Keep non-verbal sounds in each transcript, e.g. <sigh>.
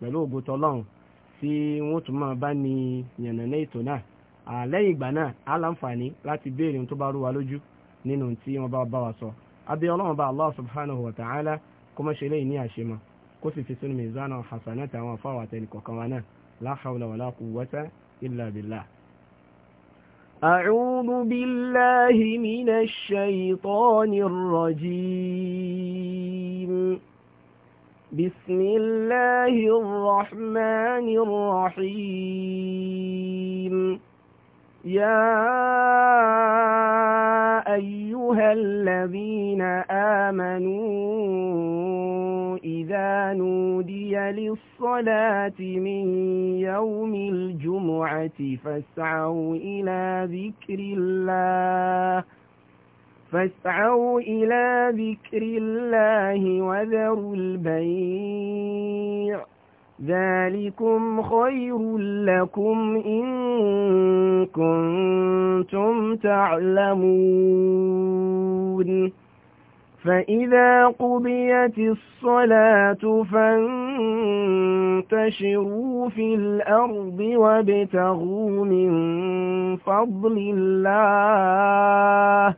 pẹ̀lú ògo tọlọ́run tí wọ́n tún máa bá ní yànnàná ètò náà àlẹ́yìn ìgbà náà á láǹfààní láti béèrè ohun tó bá rú wa lójú nínú tí wọ́n bá bá wa sọ abẹ́ ọlọ́run bá allah subhanahu wa ta'ala kó mọ́ ṣe léyìn ní àṣemọ́ kó sì fi sínú mizana hasanat àwọn afáwà àtẹnìkọ̀kan wa náà la hawla wala quwwata illa billah. أعوذ بالله من الشيطان الرجيم بسم الله الرحمن الرحيم يا أيها الذين آمنوا إذا نودي للصلاة من يوم الجمعة فاسعوا إلى ذكر الله فاسعوا إلى ذكر الله وذروا البيع ذلكم خير لكم إن كنتم تعلمون فإذا قضيت الصلاة فانتشروا في الأرض وابتغوا من فضل الله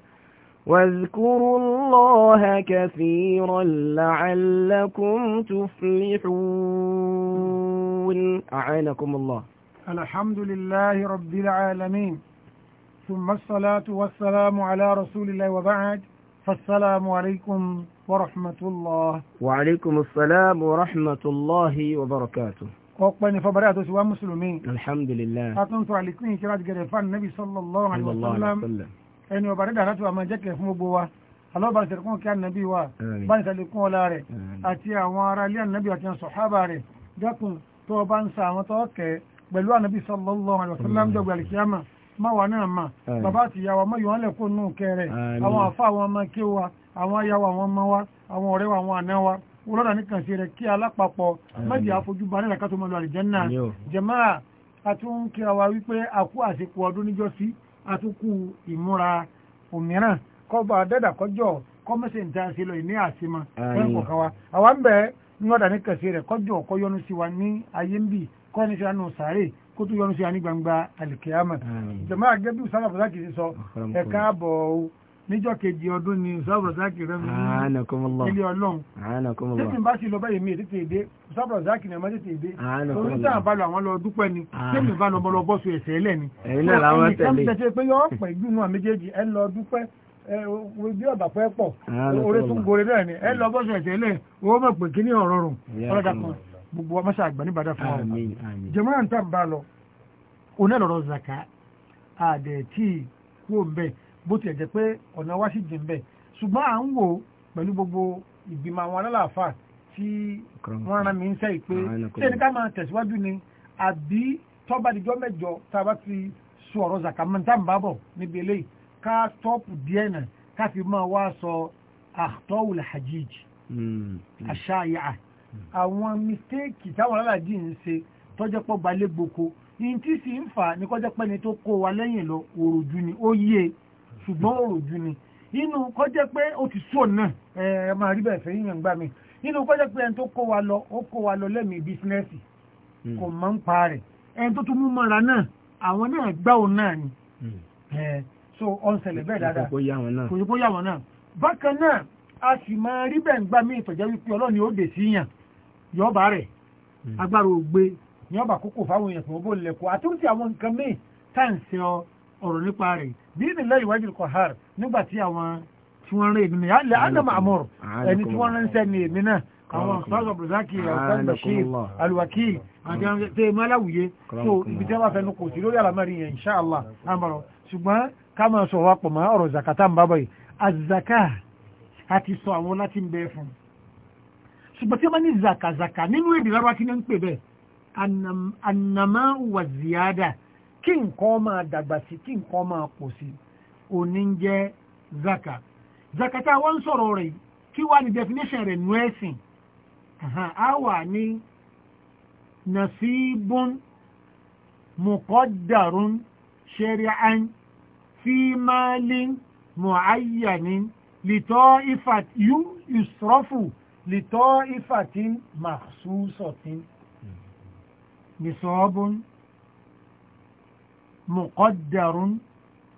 واذكروا الله كثيرا لعلكم تفلحون أعانكم الله الحمد لله رب العالمين ثم الصلاة والسلام على رسول الله وبعد فالسلام عليكم ورحمة الله وعليكم السلام ورحمة الله وبركاته ọpẹ́ ni fọbàrẹ́ àtọ́sí wa mùsùlùmí alhamdulillah atúntò àlékún ìkíra àti gẹ̀rẹ̀ fún ànábì الله عليه وسلم. ẹni ọba dídà láti wà máa jẹ́kẹ̀ fún gbogbo wa alọ́ba ṣẹ̀kún kí ànábì wa bá ní sàlékún ọlá rẹ̀ àti àwọn ará ilé ànábì àti sọ̀hábà rẹ̀ dẹ́kun tó ọba ń sa àwọn tọ́ọ̀kẹ́ pẹ̀lú ànábì sallallahu alaihi wasallam dọ̀gbẹ̀ àlìkíyàmà má wà náà mà wa mọ́ yòó lẹ̀ kónú kẹrẹ àwọn àfa àwọn ọmọ ké wa àwọn aya wa àwọn ọmọ wa àwọn ọ̀rẹ́ wa àwọn àná wa wúlọ́dà nìkan sí rẹ̀ kí alápapọ̀ méjì àfojúbà nílẹ̀ ká tó mọ́ lọ àlìjẹ́ náà jẹ̀máà a wa wípé àkú àsìkò ọdún níjọ́ sí àtúkù ìmúra òmíràn kọ́ba dẹ́dà kọjọ́ kọ́mẹ́sì ń tẹ́ ṣe lọ ìní àṣemọ fún kọ̀ọ̀kan wa àwa ń bẹ níwọ̀dà ní kẹsì rẹ̀ kọjọ́ kọ́ yọnu sí wa ní ayé ń bì kọ́ ní sànù sàárè kó tó yọnu sí wa ní gbangba àlìkíyàmà jàmáà àgẹ́bí sábà fúnṣà kì í sọ ẹ̀ka àbọ̀ níjọ́ kejì ọdún ni sábùrọ̀sáàkì rẹ̀ mi ilé ọlọ́run títí bá sì lọ báyìí mi títí èdè sábùrọ̀sáàkì rẹ̀ mọ́ títí èdè torí tá à bá lọ àwọn lọ dúpẹ́ ni ah. tẹ́mi bá lọ bọ́ sọ ẹ̀sẹ̀ ẹlẹ́ ni. ẹ̀yin náà làwọn tẹ̀lé ọ̀pẹ̀ ìtàn pé yọ ọ̀pẹ̀ ìlú náà méjèèjì ẹ lọ dúpẹ́ ojú ọ̀bà pẹ́ pọ̀ orí tún gore náà ni ẹ lọ bọ́ sọ ẹ̀sẹ̀ ẹlẹ́ owó mọ̀ pé kíní ọ̀rọ̀ rùn ọlọ́dà kan gbogbo ọmọ ṣàgbà níbàdàn fún wa jẹ̀mọ́ à ń tà bá lọ onílọ̀rọ̀ zaka àdẹ̀tì kúrò bẹ́ẹ̀ bó tiẹ̀ jẹ́ pé ọ̀nà wa sì jìn bẹ́ẹ̀ ṣùgbọ́n à ń wò pẹ̀lú gbogbo ìgbìmọ̀ àwọn alálàáfà tí wọ́n rán mi ń sẹ́yìn pé ṣé ní ká máa tẹ̀síwájú ni àbí tọ́ba àdìjọ́ mẹ́jọ tá a bá ti sọ ọ̀rọ̀ zakamanta ń bábọ̀ níbi eléyìí ká tọ́pù díẹ̀ náà ká fi máa wá sọ àtọ́wùlẹ̀ hajij àṣàyà hmm. àwọn mistéèkì táwọn alálàájì ń ṣe tọ́jọ́ pọ̀ gbalẹ́ gboko ní tí sì ń fà ní kọ́jọ́ pẹ́ni tó kó wa lẹ́yìn lọ òròjú ni ó yíye. ṣùgbọ́n òròjú ni inú kọjẹ́ pé ó ti sọ náà ẹ ma rí bẹ̀ẹ̀ fẹ́yìn yàn kọjẹ́ pé ẹni tó kó wa lọ ó kó wa lọ lẹ́mìí bísínẹ́sì hmm. kò mọ̀ ń pa rẹ̀ ẹni tó tún mú mọ́ra náà àwọn náà gbá òun náà ni hmm. so ọ̀nsẹ̀lẹ̀ bẹ́ẹ̀ dáadáa kò yí kó a sì ma rí mi ìtọ̀jẹ́ wípé ọlọ́ni ó dè sí yàn rẹ̀ hmm. agbára kókò fáwọn èèyàn tó bó lẹ̀kọ́ àtúntì àwọn nǹkan ọ̀rọ̀ nípa rẹ̀ bí ìdílé ìwájú kọ̀ har nígbà tí àwọn tí wọ́n rẹ̀ ìdílé alẹ́ adam amor ẹni tí wọ́n ránṣẹ́ ni èmi náà àwọn ọ̀sán ọ̀bùrùsákì ọ̀sán bashir alwaki àti ẹ̀mí aláwùyé so ibi tí wọ́n bá fẹnu kò sí lórí àlámọ̀rí yẹn inṣáàlá àmọ̀rọ̀ ṣùgbọ́n ká máa sọ wá pọ̀ mọ́ ọ̀rọ̀ zakata ń bábọ̀ yìí àwọn láti ń bẹ fún ṣùgbọ́n tí wọ́n ní zakazaka nínú èdè lárúbá kí ni ń pè bẹ́ẹ̀ anamá ziyada kí nǹkan máa dàgbà sí kí nǹkan máa pọ̀ sí òní ń jẹ́ zaka zakata wọ́n ń sọ̀rọ̀ rẹ̀ kí wá ní definition rẹ̀ nú ẹ̀sìn a wà ní nasibun muqaddarun shari'an fi mu'ayyanin litọ́ ifat yu yusrafu litọ́ ifatin mahsusatin nisabun مقدر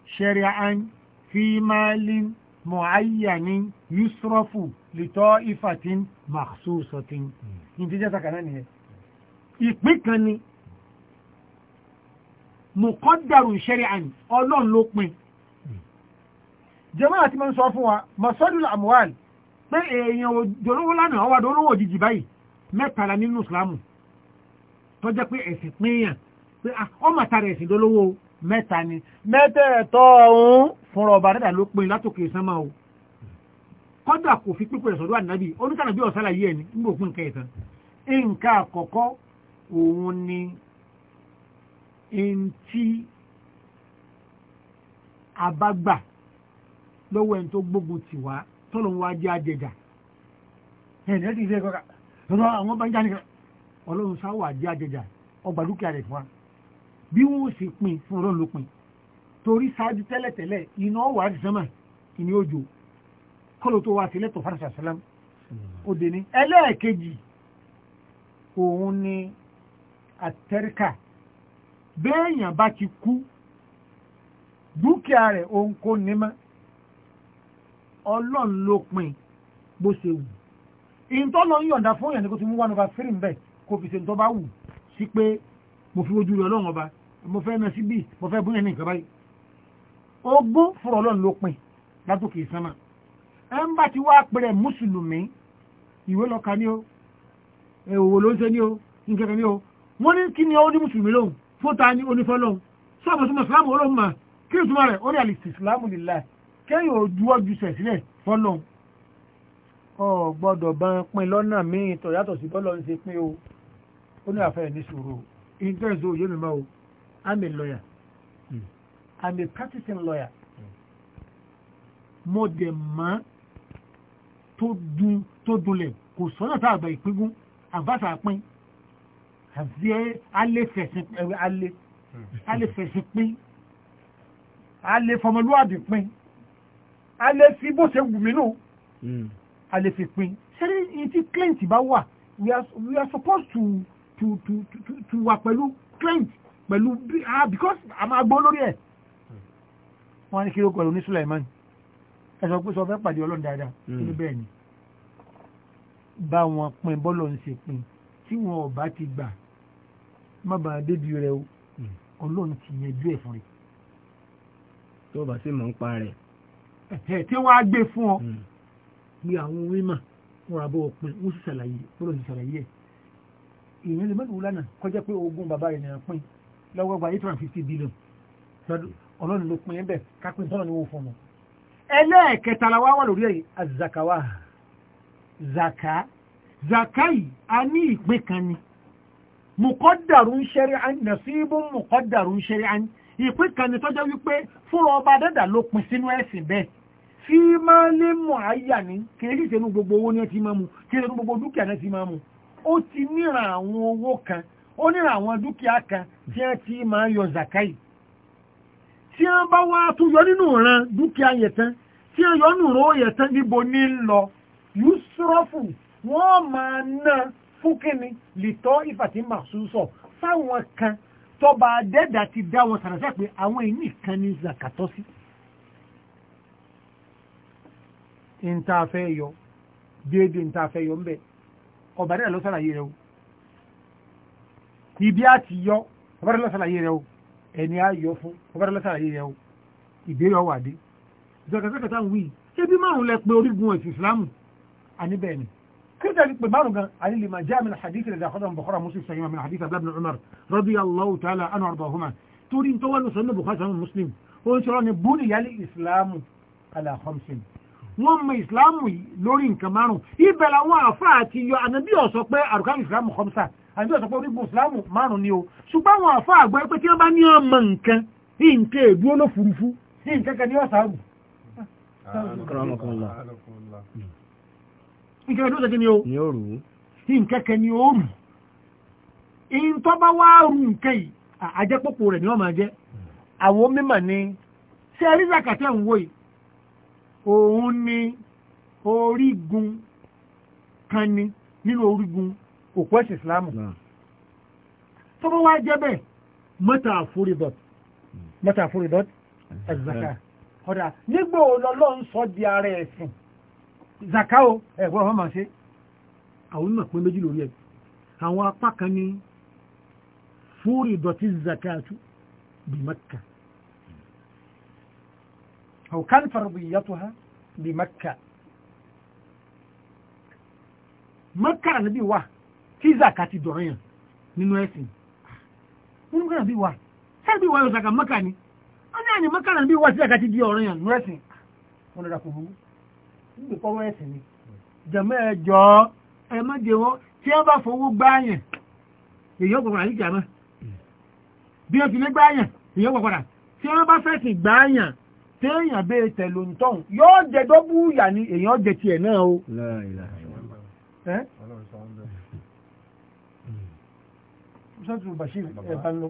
شرعا في مال معين يصرف لطائفة مخصوصة انتجاتا كنانية ìpínkànnì mùkọ́dàrù ṣẹ́rí'àn ọlọ́run ló pin jẹ́mọ́ àti mọ́ sọ fún wa masọ́dún àmúwàl pé èèyàn òjòlówó lánàá ọwádọ́ olówó òjijì báyìí mẹ́tàlá nínú ìsìlámù tó pé ẹ̀sìn pínyàn pé ah, ọmọ àtàrà ẹ̀sìn lólówó mẹ́ta ni mẹ́tẹ̀ẹ̀tọ́ ọ̀hún fúnra ọba dẹ́dà ló pin látòkè sánmà o kọ́dà kò fi pípẹ́ sọ̀dọ̀ ànábì onítànà bí ọ̀sálà yìí ẹni nígbà òpin nǹkan ẹ̀tàn nǹkan àkọ́kọ́ òun ni ntí abágbà lọ́wọ́ ẹni tó gbógun tì wá tọ́lọ́ wa jẹ́ àjẹjà ẹ̀ẹ́dì ẹ̀ ti ṣe é kọ́ka lọ́wọ́ àwọn bá ń jáde ọlọ́run sáwọ́ àjẹjà ọgbà dúkìá rẹ̀ fún wa bí wọ́n sì pin fún ọlọ́run ló pin torí ṣáájú tẹ́lẹ̀tẹ́lẹ̀ iná wà á sánmà ìní òjò kọ́lọ̀ tó wá sí lẹ́tọ̀ fàrasà sálám ó dé ní ẹlẹ́ẹ̀kejì òun ni àtẹ́ríkà béèyàn bá ti kú dúkìá rẹ̀ òun kò ní mọ́ ọlọ́run ló pin bó ṣe wù ìntọ́lọ ń yọ̀ǹda fún èèyàn ní kó ti mú wánu bá fírìm bẹ́ẹ̀ kó fi ṣe ń tọ́ bá wù sí pé mo fi ojú rẹ̀ ọlọ́run ọba mo fẹ́ mẹ́ sí bí mo fẹ́ bú ẹni ìkọ̀bá yìí ogún fúrọ̀ ọlọ́run ló pin látòkè ìsánmà ẹ ń bá ti wá pẹ̀rẹ̀ mùsùlùmí ìwé lọ́ka ní o èwò ló ń ṣe ní o nkẹ́kẹ́ ní o wọ́n ní kí ni ó ní mùsùlùmí lóhùn fún ta ní onífẹ́ lóhùn sọ́ọ̀bù súnmọ́ ìsìlámù olóhùn mà kí ni súnmọ́ rẹ̀ ó ní àlìsí ìsìlámù nìlá kéèyàn ò juwọ́ ju sẹ̀ sílẹ̀ fọ́lọ́hùn I'm a lawyer. Mm. I'm a practicing lawyer. Mo dẹ̀ mọ́ tó dun tó dunlẹ̀ kò sọ́nà tá àgbà ìpíngún àbáṣà pín àti aléfẹ̀sìn ẹ̀rẹ́ alé aléfẹ̀sìn pín alé fọmọlúwàbí pín alé fi bó ṣe wù mí nù hmm. alé fi pín ṣẹ́rí ní tí client bá wà we are supposed to to to to wà pẹ̀lú client pẹ̀lú ah because a máa gbọ́ lórí ẹ̀ wọ́n ní kí ló pẹ̀lú ní Suleiman ẹ sọ pé sọ fẹ́ pàdé ọlọ́run dáadáa ní hmm. bẹ́ẹ̀ ni bá wọn pin bọ́lọ̀ ń ṣe pin tí wọn ò bá ti gbà má bàa débi rẹ o hmm. ọlọ́run ti yanjú ẹ̀ fún rẹ. tó o bá sì mọ̀ ń pa rẹ̀. ẹ tí wọ́n á gbé fún ọ ní hmm. àwọn onímọ̀ wọn rà bọ́ òpin wọ́n sì ṣàlàyé bọ́lọ̀ sì ṣàlàyé ẹ̀ èèyàn lè mẹ́lòó lánàá kọjá pé ogún bàbá rẹ̀ nìyẹn pin lọ́wọ́ gba eight hundred fifty billion ọlọ́run ló pin bẹ́ẹ̀ kápẹ́ tọ́lọ̀ ni wọ́n fún wọn. ẹlẹ́ẹ̀kẹta la wá wà lórí ẹ̀yìn azakawa zaka zaka yìí a ní ìpín kan ni mùkọ́dàrú ń ṣẹ́rí án nàṣíbù mùkọ́dàrú ń ṣẹ́rí án ìpín kan ni tọ́jọ́ wípé fúnra ọba dẹ́dà ló pin sínú ẹ̀sìn bẹ́ẹ̀ tí máa lé mọ̀ àyà ní kéré ìṣẹ́nu gbogbo owó ni ẹ ti máa mu kéré ìṣẹ́nu gbogbo dúkìá ni ẹ ti máa mu ó ti níran àwọn owó kan ó níra àwọn dúkìá kan tí wọ́n ti máa yọ zakai tí wọ́n bá wá tún yọ nínú ìran dúkìá yẹn tán tí wọ́n yọ nínú ìran yẹn tán níbo ní lọ yusrofu wọ́n máa ná fún kíni lìtọ́ ìfàtí màṣúsọ fáwọn kan tọba adẹ́dà ti dá wọn sàrẹ́sẹ́ pé àwọn ìní kan ní zakatọ́ sí. ìntàfẹ́ yọ déédéé ìntàfẹ́ yọ ń bẹ ọ̀bàdàn ló sàlàyé rẹ o ibi àti yọ ọbẹ̀rẹ̀ lọ́sàlàyé rẹ o ẹni á yọ fún ọbẹ̀rẹ̀ lọ́sàlàyé rẹ o ìbéèrè ọwà dé ìjọkẹ́kẹ́ta ń wí ṣébí márùn lẹ pé orígun ẹ̀sìn ìsìlámù àníbẹ̀ ni kíkẹ́ ni pé márùn gan àní lè máa jẹ́ àmì hadith rẹ̀ dàkọ́dọ̀ Bukhari Muslim sahih àmì hadith Abdullah ibn Umar radiyallahu ta'ala anhu arbahuma torí tó wà ní sọ́nà Bukhari sahih Muslim ó ń sọ̀rọ̀ ni bú níyàlẹ̀ ìsìlámù ala wọ́n mọ ìsìlámù lórí nǹkan márùn ibẹ̀ làwọn àfáà ti yọ ànábì ó pé àrùkán ìsìlámù khamsa àbí ọ̀sọ̀pọ̀ orígun ìsìláàmù márùn-ún ni o ṣùgbọ́n àwọn àfá àgbà pé tí wọ́n bá ní ọmọ nǹkan ní nǹkan èdú olófurufú ní nǹkan kan ní ọ̀sàrù nǹkan èdú ọ̀sàkí ni o ní òrù nǹkan kan ní òrù ni wọ́n máa òpó ẹ̀sìn ìsìláàmù tó bá wá jẹ́ bẹ́ẹ̀ mọ́ta àforídọ̀t mọ́ta àforídọ̀t ẹ̀zàká ọ̀dà nígbà olọ́lọ́ ń sọ di ara ẹ̀sìn zaka o ẹ̀gbọ́n ọmọ ṣe àwọn onímọ̀ pé méjì lórí ẹ̀ àwọn apá kan ní fúrídọ̀tì zakatu bí Makka أو كان فرضيتها بمكة مكة النبي واحد tí zaka ti dọ̀rọ̀ yàn nínú ẹ̀sìn ah, nínú kọ́nà bí wa sẹ́ẹ̀bí wa yóò zaka mọ́kà ni wọ́n ní àyè mọ́kà náà bí wa tí zaka ti di ọ̀rọ̀ yàn nínú ẹ̀sìn ah, wọn dọ̀dà kò burú nígbè kọ́wọ́ ẹ̀sìn ni jẹ̀mọ́ ẹ jọ ẹ má jẹ wọn tí wọ́n bá fowó gbáyàn èyí ó gbọ̀gbọ̀n àyíkà mọ́ bí wọ́n ti lé gbáyàn èyí ó gbọ̀gbọ̀n tí wọ́n bá fẹ̀sìn gbáyàn téèyàn bẹ́ẹ̀ tẹ̀lò ń tọ̀hún yóò jẹ dọ́bù ni èèyàn jẹ tiẹ̀ náà o sọ́tù bashir ẹ̀bá lọ.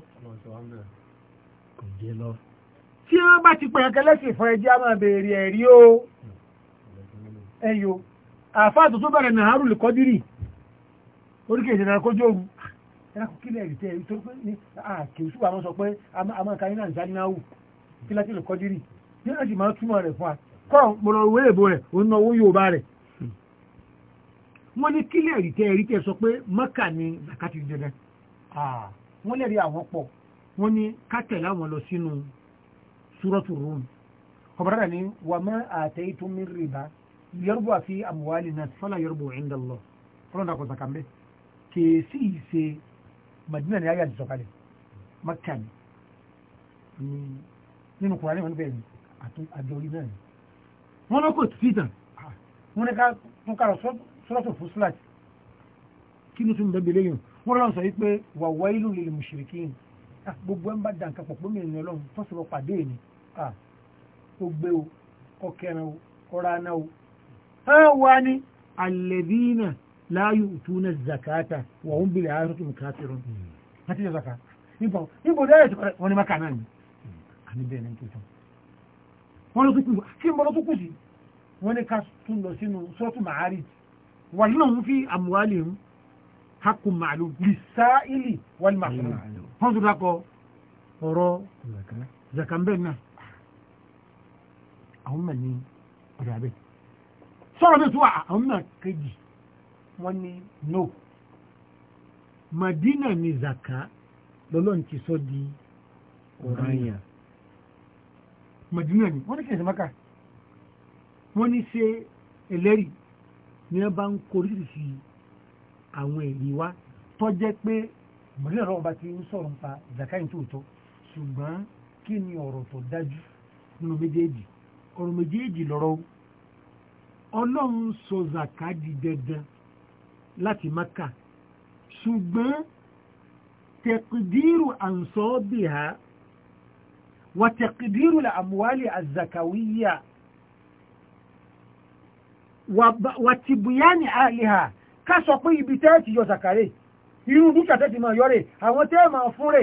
tí wọ́n bá ti pẹ̀yàn kẹlẹ́sì fún ẹjẹ́ a máa bèèrè ẹ̀rí o hmm. ẹ̀yọ àfáà tó tó bẹ̀rẹ̀ náà hárùlù kọ́dírì oríkèé ìṣẹ̀dá kójú òru ẹ̀rákù kílẹ̀ rí tẹ́ torí pé ní àkè òṣùwà wọn sọ pé a máa kárí náà ìsáni náà wù kí láti lè kọ́dírì ní láti máa túmọ̀ rẹ̀ fún wa kọ́ mọ̀rọ̀ owó èbò rẹ̀ òun náà owó Yorùbá rẹ̀ hmm. wọ́n ní kílẹ̀ rí tẹ́ rí tẹ́ sọ pé mọ́kà ni zakati dandan wọ́n lè rí àwọn pọ̀ wọ́n ní kátẹ̀ láwọn lọ sínú súrọ́tù Rum ọ̀bọ̀dára ni wà mọ́ ataytum min riba yarbu fi amwali nas fala yarbu inda Allah ọlọ́dà kò sàkàmbẹ́ kèsì ìṣe Madina ni ayé àjọsọ̀kalẹ̀ Makka ni nínú kùránì wọn bẹ́ẹ̀ ni àjọ orí náà ni wọ́n lọ́kọ̀ tìtàn wọ́n ní ká tún kárọ̀ sọ́tò fúsílàtì kí ni tún bẹ́ẹ̀ bẹ́ẹ̀ lẹ́yìn wọ́n lọ́n sọ wípé wàwá ìlú lè mushrikin ah, gbogbo ẹ̀ ń bá dànkà pọ̀ pọ́n mìíràn ọlọ́run tó sọ̀rọ̀ pàdé ni ah, ó gbé o ọkẹrin o ọ̀rá náà o. ẹ wá ní alladhina la yu'tuna zakata wa hum bil akhirati hum kafirun àti ìjọ zaka níbo dáyẹ̀ tí wọ́n ní maka náà ni àmì bẹ́ẹ̀ ní tuntun wọ́n ló tún kí n bọ́ ló tún kù sí wọ́n ní ká tún lọ sínú sọ́ọ̀tù màárì wà nínú òun fi àmúwálì òun hakun màálù bisáìlì wal mahrum wọ́n tún dákọ̀ ọ̀rọ̀ zakambe náà àwọn mẹ́rin ní ọ̀dà abẹ́ sọ̀rọ̀ bí tún àwọn mẹ́rin kejì wọ́n ní no madina ni zaka lọ́lọ́n ti sọ di ọ̀ranyà madina ni wọ́n ní kí ẹ̀sìn maka wọ́n ní ṣe ẹlẹ́rìí ni wọ́n ń korí sí àwọn ẹ̀rí wá tó jẹ́ pé mọ̀lẹ́ ọ̀rọ̀ ọba ti ń sọ̀rọ̀ nípa zakai tó tọ́ ṣùgbọ́n kí ni ọ̀rọ̀ tó dájú nínú méjèèjì ọ̀rọ̀ méjèèjì lọ́rọ̀ ọlọ́run sọ zaka di dandan láti maka ṣùgbọ́n tẹ̀kìdírù ànsọ́bìhá wà tẹ̀kìdírù àmúwálì àzàkàwíyà wà tìbúyánì àlìhà ká sọ pé ibi tẹ́ẹ̀tì yọ sàkàrè irú dúkìá tẹ́ẹ̀tì máa yọ rè àwọn tẹ́ẹ̀ máa fún rè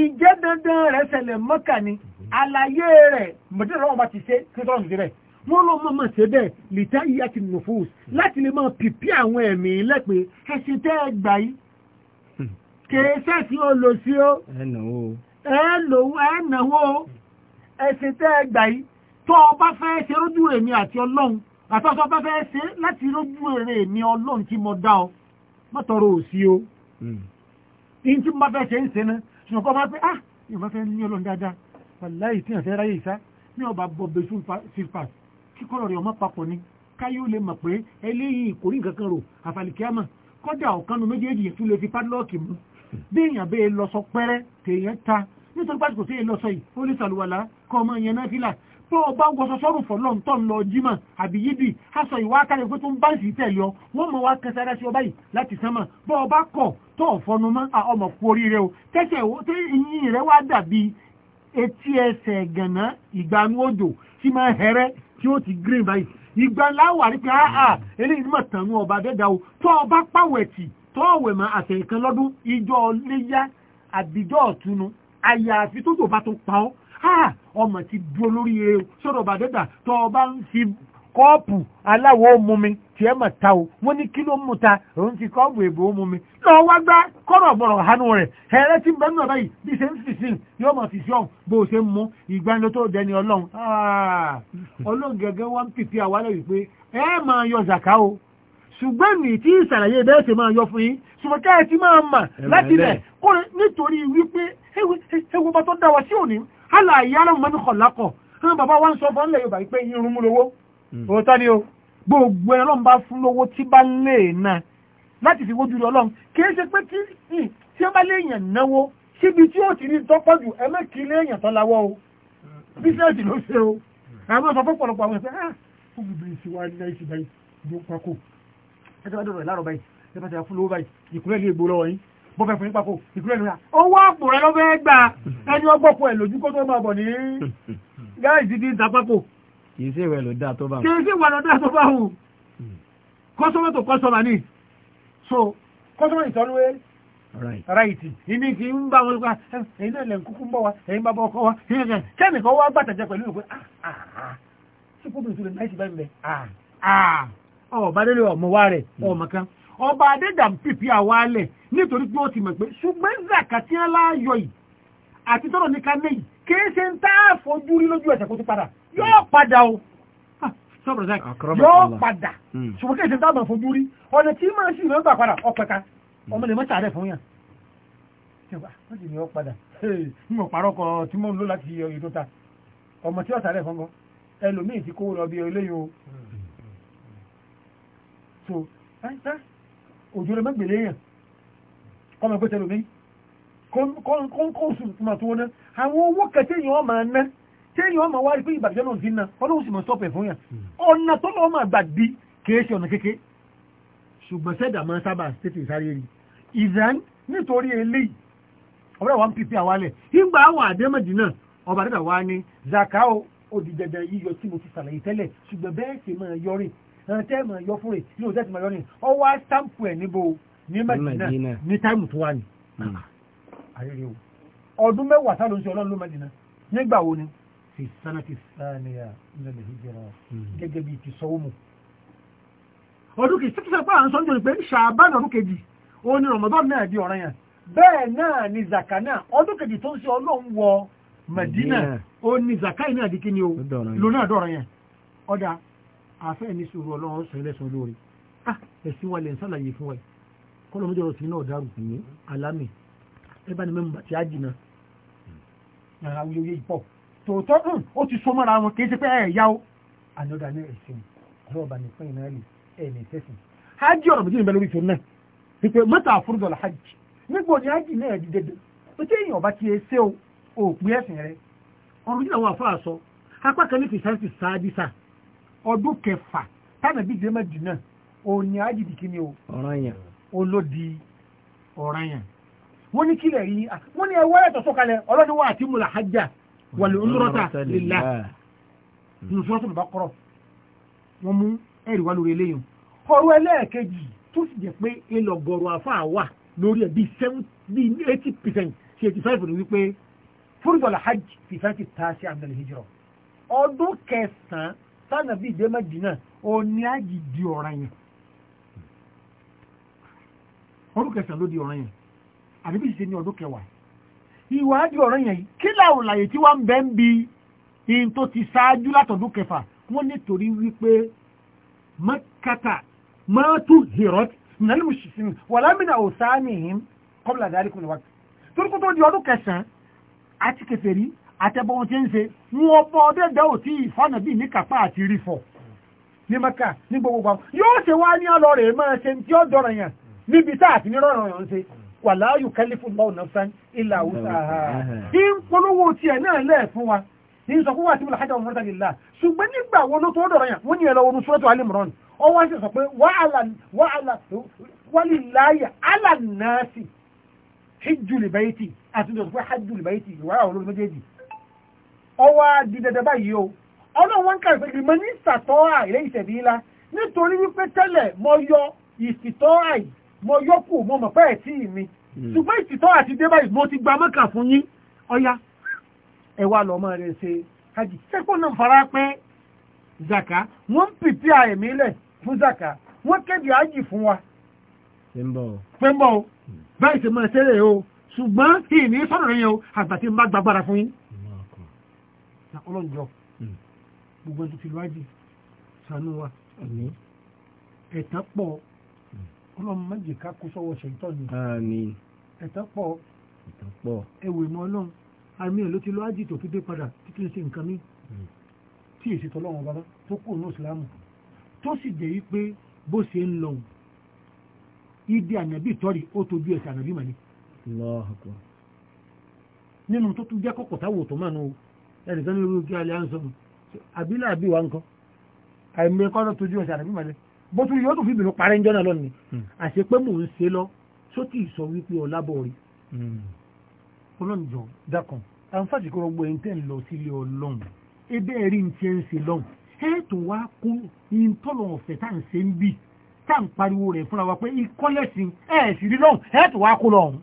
ìjẹ́ dandan rẹ̀ ṣẹlẹ̀ mọ́kà ni àlàyé rẹ̀ mọ̀tẹ́lọ́wọ́ bá ti ṣe kí tọ́lọ́sì rẹ̀ wọ́n lọ mọ́ máa ṣe bẹ́ẹ̀ lìtá iye ti nùfúùs láti lè máa pìpì àwọn ẹ̀mí lẹ́pẹ́ ẹ̀sìn tẹ́ ẹ gbà yìí kèé sẹ́ẹ̀sì ó lò sí ó ẹ̀ẹ́nàwó ẹ̀sìn tẹ́ ẹ gbà yìí tó o bá fẹ́ ṣerújú èmi àti ọlọ́run àtọ́sọ pẹ́fẹ́ ṣe láti rójú èrè mi ọlọ́run tí mo dá ọ mọ́tọ̀rọ òsí o hmm. in tí mo bá fẹ́ ṣe ń ṣe náà ṣùgbọ́n kọ́ máa pé ah yóò bá fẹ́ ní ọlọ́run dáadáa pàláyì tí àfẹ́ ráyè ìsá ní ọba bọ̀bẹ̀ sífà kí kọ́lọ̀ rẹ̀ ọmọ papọ̀ ni káyé ó lè mọ̀ pé eléyìí kò rí nǹkan kan rò àfàlìkíámà kọ́dà ọ̀kanu méjèèjì tún lè fi pádlọ́ọ̀kì mú bí èèyàn bẹ́ẹ̀ lọ sọ pẹ́rẹ́ tèèyàn ta nítorí pàṣẹ kò sí èèyàn lọ sọ yìí ó lè sàlùwàlá kọ́ ọmọ ìyẹn náà fìlà tó ọba ń gbọ́sọ sọ́rùn fọ́lọ́n tó ń lọ jímọ̀ àbí yídì aṣọ ìwà akárẹ̀ pé tó ń bá ìsì tẹ̀lé ọ wọ́n mọ̀ wá kẹsẹ̀ ara sí ọba yìí láti sánmà bọ́ ọba kọ̀ tó ọ̀fọ́nu mọ́ ọmọ kú oríire o tẹ́sẹ̀ ìyìn rẹ̀ wá dàbí etí ẹsẹ̀ gànà ìgbàanú odò tí máa hẹrẹ́ tí ó ti green báyìí ìgbà láwà rí pé áà eléyìí mọ̀ tànú ọba dẹ́dà o tó ọba pàwẹ̀tì tó ọ̀wẹ̀ mọ́ àtẹ̀yìnkan lọ́dún ìjọ léyà àbíjọ́ ọ̀túnú àyàfi tó tó bá ọmọ ti dúró lórí ere sọ́dọ̀ bàdẹ́dà tó o bá ń fi kọ́ọ̀pù aláwọ̀ mú mi tí ẹ mọ̀ ta o wọ́n ní kí ló mú ta òun ti kọ́ọ̀pù èbò mú mi lọ́ọ́ wá gbá kọ́rọ̀ bọ̀rọ̀ hánú rẹ̀ ẹ̀rẹ́ tí bẹ́ẹ̀ náà báyìí bí ṣe ń fi sí yóò mọ̀ fi sí ọ̀hún bó o ṣe ń mú ìgbanilọ́ tó dẹni ọlọ́run ọlọ́run gẹ́gẹ́ wọ́n ń pìpì àwálẹ̀ wípé ẹ máa yọ zàká o ṣùgbọ́n ní tí ìsàlàyé bẹ́ẹ̀ ṣe máa yọ fún yín ṣùgbọ́n káyọ̀ ti máa mà láti bẹ̀ nítorí wípé ewu bá tó dá wa sí òní hálà ìyára mọ́ ní kọ̀lákọ̀ hàn bàbá wá ń sọ fún ilẹ̀ Yorùbá pé irun mú lówó òótọ́ hmm. ni o gbogbo ẹ̀rọ ń bá fún lówó tí bá lè náà láti fi wójú Ọlọ́run kìí ṣe pé tí hmm, ó bá léèyàn náwó síbi tí ó ti rí tọ́pọ̀ jù ẹ má kí léèyàn tọ́ o bísẹ́ẹ̀tì ló ṣe o àwọn sọ fọ́pọ̀lọpọ̀ àwọn ẹ̀fẹ́ ah fún gbogbo ìsìn wa ní àìsí báyìí ló pákó ẹ tẹ́ bá dọ̀rọ̀ ẹ̀ láàrọ̀ báyìí ẹ bá bó fẹ́ fún ní papò ìpínlẹ̀ ìlúra owó àpò rẹ ló gbà ẹni ọgbọ́pọ̀ ẹ̀ lójú kó tó máa bọ̀ ní gáàsì <laughs> ti ń ta papò. kì í sí ìwẹ̀ ló dáa tó bá wù. kì í sí ìwẹ̀ ló dáa tó bá wù. kọ́sọ́mọ́ tó kọ́sọ́mọ́ ni so kọ́sọ́mọ́ ìtọ́lúwé ráìtì ìní kì í ń bá wọn pa ah, ẹ̀yin náà lẹ̀ kúkú ń bọ̀ wá ẹ̀yin bá bọ̀ ọkọ wa ah, ah, rẹ̀ ọba adédàm pìpì àwálẹ̀ nítorí pé ó ti mọ̀ pé ṣùgbọ́n zaka tí wọ́n láàyò yìí àti tọ́rọ̀ ní kané yìí kìí ṣe ń tá àfojú rí lójú ẹ̀sẹ̀ kó tó padà yóò padà o ah, yóò padà hmm. ṣùgbọ́n kìí ṣe ń tá àfojú rí ọ̀nà tí máa ṣì lọ́gbà padà ọ̀pẹ̀ka hmm. ọmọ lè mọ́ta rẹ̀ fún yàn wọ́n sì ní ọ padà ní ọ̀pàrọ̀kọ̀ tí mò ń lò láti ọyọ̀ tó ta ọmọ tí ọ̀sà rẹ̀ ẹlòmíì ti kó lọ bí eléyìí o hmm òjò rẹ̀ mẹ́gbèlé èèyàn ọmọ ẹgbẹ́ tẹ́lómi kọ́ńkọ́sù ma tó ná àwọn owó kẹtẹ́ èèyàn ọmọ ẹ̀ná tí èèyàn ọmọ wá rí pé ìbàjẹ́ náà sí ná ọlọ́run sì mọ̀ sọ́pẹ̀ fún yàn hmm. ọ̀nà tó lọ́ máa gbà bí kìí ṣe ọ̀nà kéke ṣùgbọ́n sẹ́dà máa sábà tètè sáré rí ìdán nítorí eléyìí ọ̀rẹ́ wa ń pípí àwálẹ̀ ìgbà àwọn àdémọ̀dì náà ọba dẹ́dà wa ní zakao òdìdẹ̀dẹ̀ yíyọ tí mo ti sàlàyé tẹ́lẹ̀ ṣùgbọ́n bẹ́ẹ̀ sì máa yọrí tẹ́ mọ̀ yọ fún rẹ̀ yóò tẹ́ ti mọ̀ yọ ní ọ wá sáǹpù ẹ̀ níbo ní Mẹ́dínà ní táìmù tó wà ní. Hmm. ọdún mẹ́wàá sálọ ń ṣe ọlọ́run ló Mẹ́dínà nígbà wo ni. fi sanati saniya nílẹ̀ hijira hmm. gẹ́gẹ́ bíi ti sọ́wọ́mù. ọdún kìí títí sẹ́pà à ń sọ́njọ́ pé ṣàbán ọdún kejì òun ni Ramadan náà di ọ̀ràn yẹn bẹ́ẹ̀ náà ni zaka náà ọdún kejì tó ń ṣe ọlọ́run wọ Mẹ́dínà òun ni zaka yìí náà di kí ni o lónà àdọ́ràn yẹn ọ̀dà àfẹ́ ní sùúrù ọlọ́run sọ ilé sùn lórí ah, ẹ̀sìn wa lè ń sàlàyé fún wa yìí kọ́ lọ́mọdé ọ̀rọ̀ sí náà dárò ní alámì ẹ bá ní mẹ́mú bàtí á jìnnà yàrá wíwíwí ìpọ̀ tòótọ́ ó ti so mọ́ra wọn kì í ṣe pé ẹ̀ yá o ànọ́dà ní ẹ̀sìn ọlọ́ọ̀bà ní pẹ́yìn náà lè ẹ̀ lè tẹ̀sìn hajj ọ̀rọ̀ méjì lórí tó náà pípẹ́ mọ́tà àfúrúdọ̀lá hajj nígbà òní hajj náà di dédé pé èèyàn ọba ti ṣe òpin ẹ̀sìn rẹ ọ̀rọ̀ méjì làwọn àfọ àṣọ apá kan ní fìsáǹsì sáà ọdún kẹfà tánàbí dé Mẹ́dínà òní àjìdì kíni o ọ̀ranyàn olódi ọ̀ranyàn wọ́n ní kílẹ̀ yìí wọ́n ní ẹwọ́ ẹ̀tọ́ sọ́kalẹ̀ ọlọ́dún wa àti múlà hajjá wal umrata lillah nùsọ́sọ́ bàbá kọ́rọ̀ wọ́n mú ẹ̀rí wá lórí eléyìí ọ̀rọ̀ ẹlẹ́ẹ̀kejì tó sì jẹ́ pé elọ̀gọ̀rọ̀ àfáà wà lórí ẹ̀ bíi seventy eighty percent sí eighty five ní wípé fúrúdọ̀lá hajj fìfẹ́ ti ta sí àmì tánàbí ìdè mẹ́jìnà òní àjì di ọ̀ràn yẹn ọdún kẹsàn ló di ọ̀ràn yẹn àdébí ṣe ní ọdún kẹwàá ìwádìí ọ̀ràn yẹn kí làwòlàyè tí wọ́n ń bẹ́ ń bi ihun tó ti ṣáájú látọ̀dún kẹfà wọ́n nítorí wípé mọ́kàtà mọ́tò hìrọ́t nàlẹ́ mùsùlùmí wàlámìnà òsáàmì yìí kọ́bùlà dáríkùn níwájú torí kó di ọdún kẹsàn-án àti kẹfẹ́ àtẹ́bọ̀n tí ń ṣe wọn bọ́ ọdẹ́dẹ́ ò tí ìfànàbí ní kàpá àti rí fọ ní mẹ́kà ní gbogbo gbàmù yóò ṣe wá ní ọlọ́rẹ̀ máa ṣe tí ó dọ̀rọ̀ yàn níbi tá àti ní rọ̀rọ̀ yàn ṣe wà láàyò kẹ́lífù lọ́wọ́ nafsan ilà àwùsà tí ń polówó tiẹ̀ náà lẹ̀ fún wa ní sọ fún wa tí mo lọ hajj ọmọ mọ́tàlì là ṣùgbọ́n nígbà wo ló tó dọ̀rọ̀ yàn wọ́n ní ẹ̀rọ onú súrẹ́tù alimran ọwọ́ ṣe sọ pé wàlìláyà alànàásì pé hajjul bayti ìwà ọwọ́ di dẹ̀dẹ̀ báyìí o ọlọ́run wọn kàrí pé ìmọ̀ ní ìsàtọ́ àìlẹ́ ìṣẹ̀bí ńlá nítorí wípé tẹ́lẹ̀ mo yọ ìsìtọ́ àì mo yọ kù mo mọ̀ pẹ́ẹ̀ tí mi hmm. ṣùgbọ́n ìsìtọ́ àti dé báyìí mo ti gba mọ́kà fún yín ọya ẹ wá lọ mọ́ rẹ̀ ṣe hajj sẹ́kọ̀ náà fara pé zaka wọ́n ń pìpì àìmí lẹ̀ fún zaka wọ́n kéde hajj fún wa. pẹ́ńbọ̀ o hmm. báyìí ṣe máa ṣẹlẹ̀ o ṣùgbọ́n ìní sọ̀rọ̀ yẹn o àgbà tí ń bá gbàgbára fún ọlọ́njọ́ hmm. gbogbo ẹni tó fi lọ́wájì sànú wa ẹ̀tàn pọ̀ hmm. ọlọ́run méjì ká kó sọ́wọ́ ṣèyítọ́ ni ẹ̀tàn pọ̀ ẹ̀wẹ̀ mọ́ ọlọ́run àmì ẹ̀ ló ti lọ́wájì tó fi dé padà títí ṣe nǹkan mi hmm. tí èsì tọ́lọ́run bàbá tó kù ní ìsìlámù tó sì jẹ́ yí pé bó ṣe ń lọ ìdí ànàbí tọ́rì ó tójú ẹ̀sẹ̀ ànàbí mọ̀ ni nínú tó tún jẹ́ kọ́kọ̀ táwò tó máa nù ẹnìkan ní orí alẹ́ àǹsọ̀ àbílà àbí wa ń kọ́ àìmọ ẹkọ́ lọ tójú ọ̀sẹ̀ àbí màlẹ́ bó tún yóò tún fi bìnú parẹ́ ńjọ́ náà lónìí hmm. àṣẹ pé mò ń ṣe lọ sókè sọ wípé ọ̀làbọ̀ rí hmm. ọlọ́njọ́ dákan àǹfààní kọ́ gbogbo ẹ̀ńtẹ́ ń lọ sílé ọlọ́run ebe ẹ̀rí ń tiẹ̀ ń ṣe lọ́run ẹ̀ tó wá kó ìtọ́lọ̀ ọ̀fẹ́ tá à ń ṣe ń bì tá à ń pariwo rẹ̀ fúnra wa pé ikọ́lẹ̀sìn ẹ̀ rí lọ́run ẹ̀ tó wá lọ́run.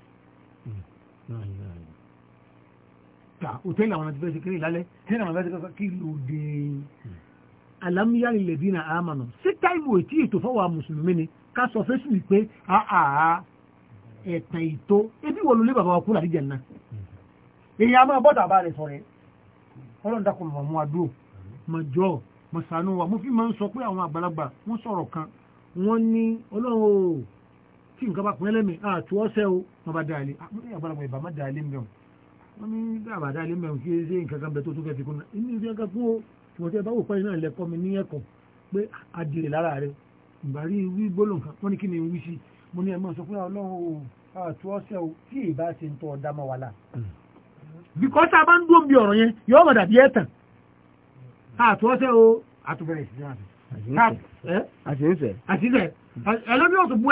òtẹ́lì àwọn àti fẹ́sẹ̀ kéré lálẹ́ tẹ́lì àwọn àti fẹ́sẹ̀ kí ló dé alámúyálì lẹ́dínà àmànà sí táìmù ètí ètò fáwọn mùsùlùmí ni ká sọ fẹ́sù wípé àà ẹ̀tàn ìtó ebi wọ́n lólé bàbá wa kúrò àdíjẹ̀ náà èyí a máa bọ́ta bá rẹ̀ sọ̀rẹ̀ ọlọ́ndàkùn mọ̀ mọ́ adúrò mọ̀ jọ mọ̀ sànú wa mo fi máa ń sọ pé àwọn àgbàlagbà wọ́n sọ̀rọ̀ kan wọ́n ní ọlọ́run tí nǹkan bá pín ẹlẹ́mì àtúwọ́sẹ́ o wọ́n bá dáa lé àgbàlagbà ìbá má dáa lé mìíràn wọ́n ní àbàdá ilé mẹ́rin kí ṣe nǹkan kan bẹ tó tún fẹ́ fi kún náà inú ìdí ẹ̀ka fún o ìwọ̀n tí ẹ bá wò pẹ́yìn náà lẹ́kọ́ mi ní ẹ̀kọ́ pé adìrẹ̀ lára rẹ̀ ìbárí wí gbólóhùn kan wọ́n ní kí ni wí sí mo ní ẹ máa sọ fún ọlọ́run o àtú ọ̀sẹ̀ o tí ìbá ṣe ń tọ́ ọ dámọ́ wa là. Hmm. because a máa ń dúró bí ọ̀rọ̀ yẹn yọ ọmọ dàbí ẹ̀tàn àtú ọ̀sẹ̀ o àtúbẹ̀rẹ̀ ìṣẹ́ àti àṣìṣẹ́ àṣìṣẹ́ ẹlẹ́bí ọ̀tún bu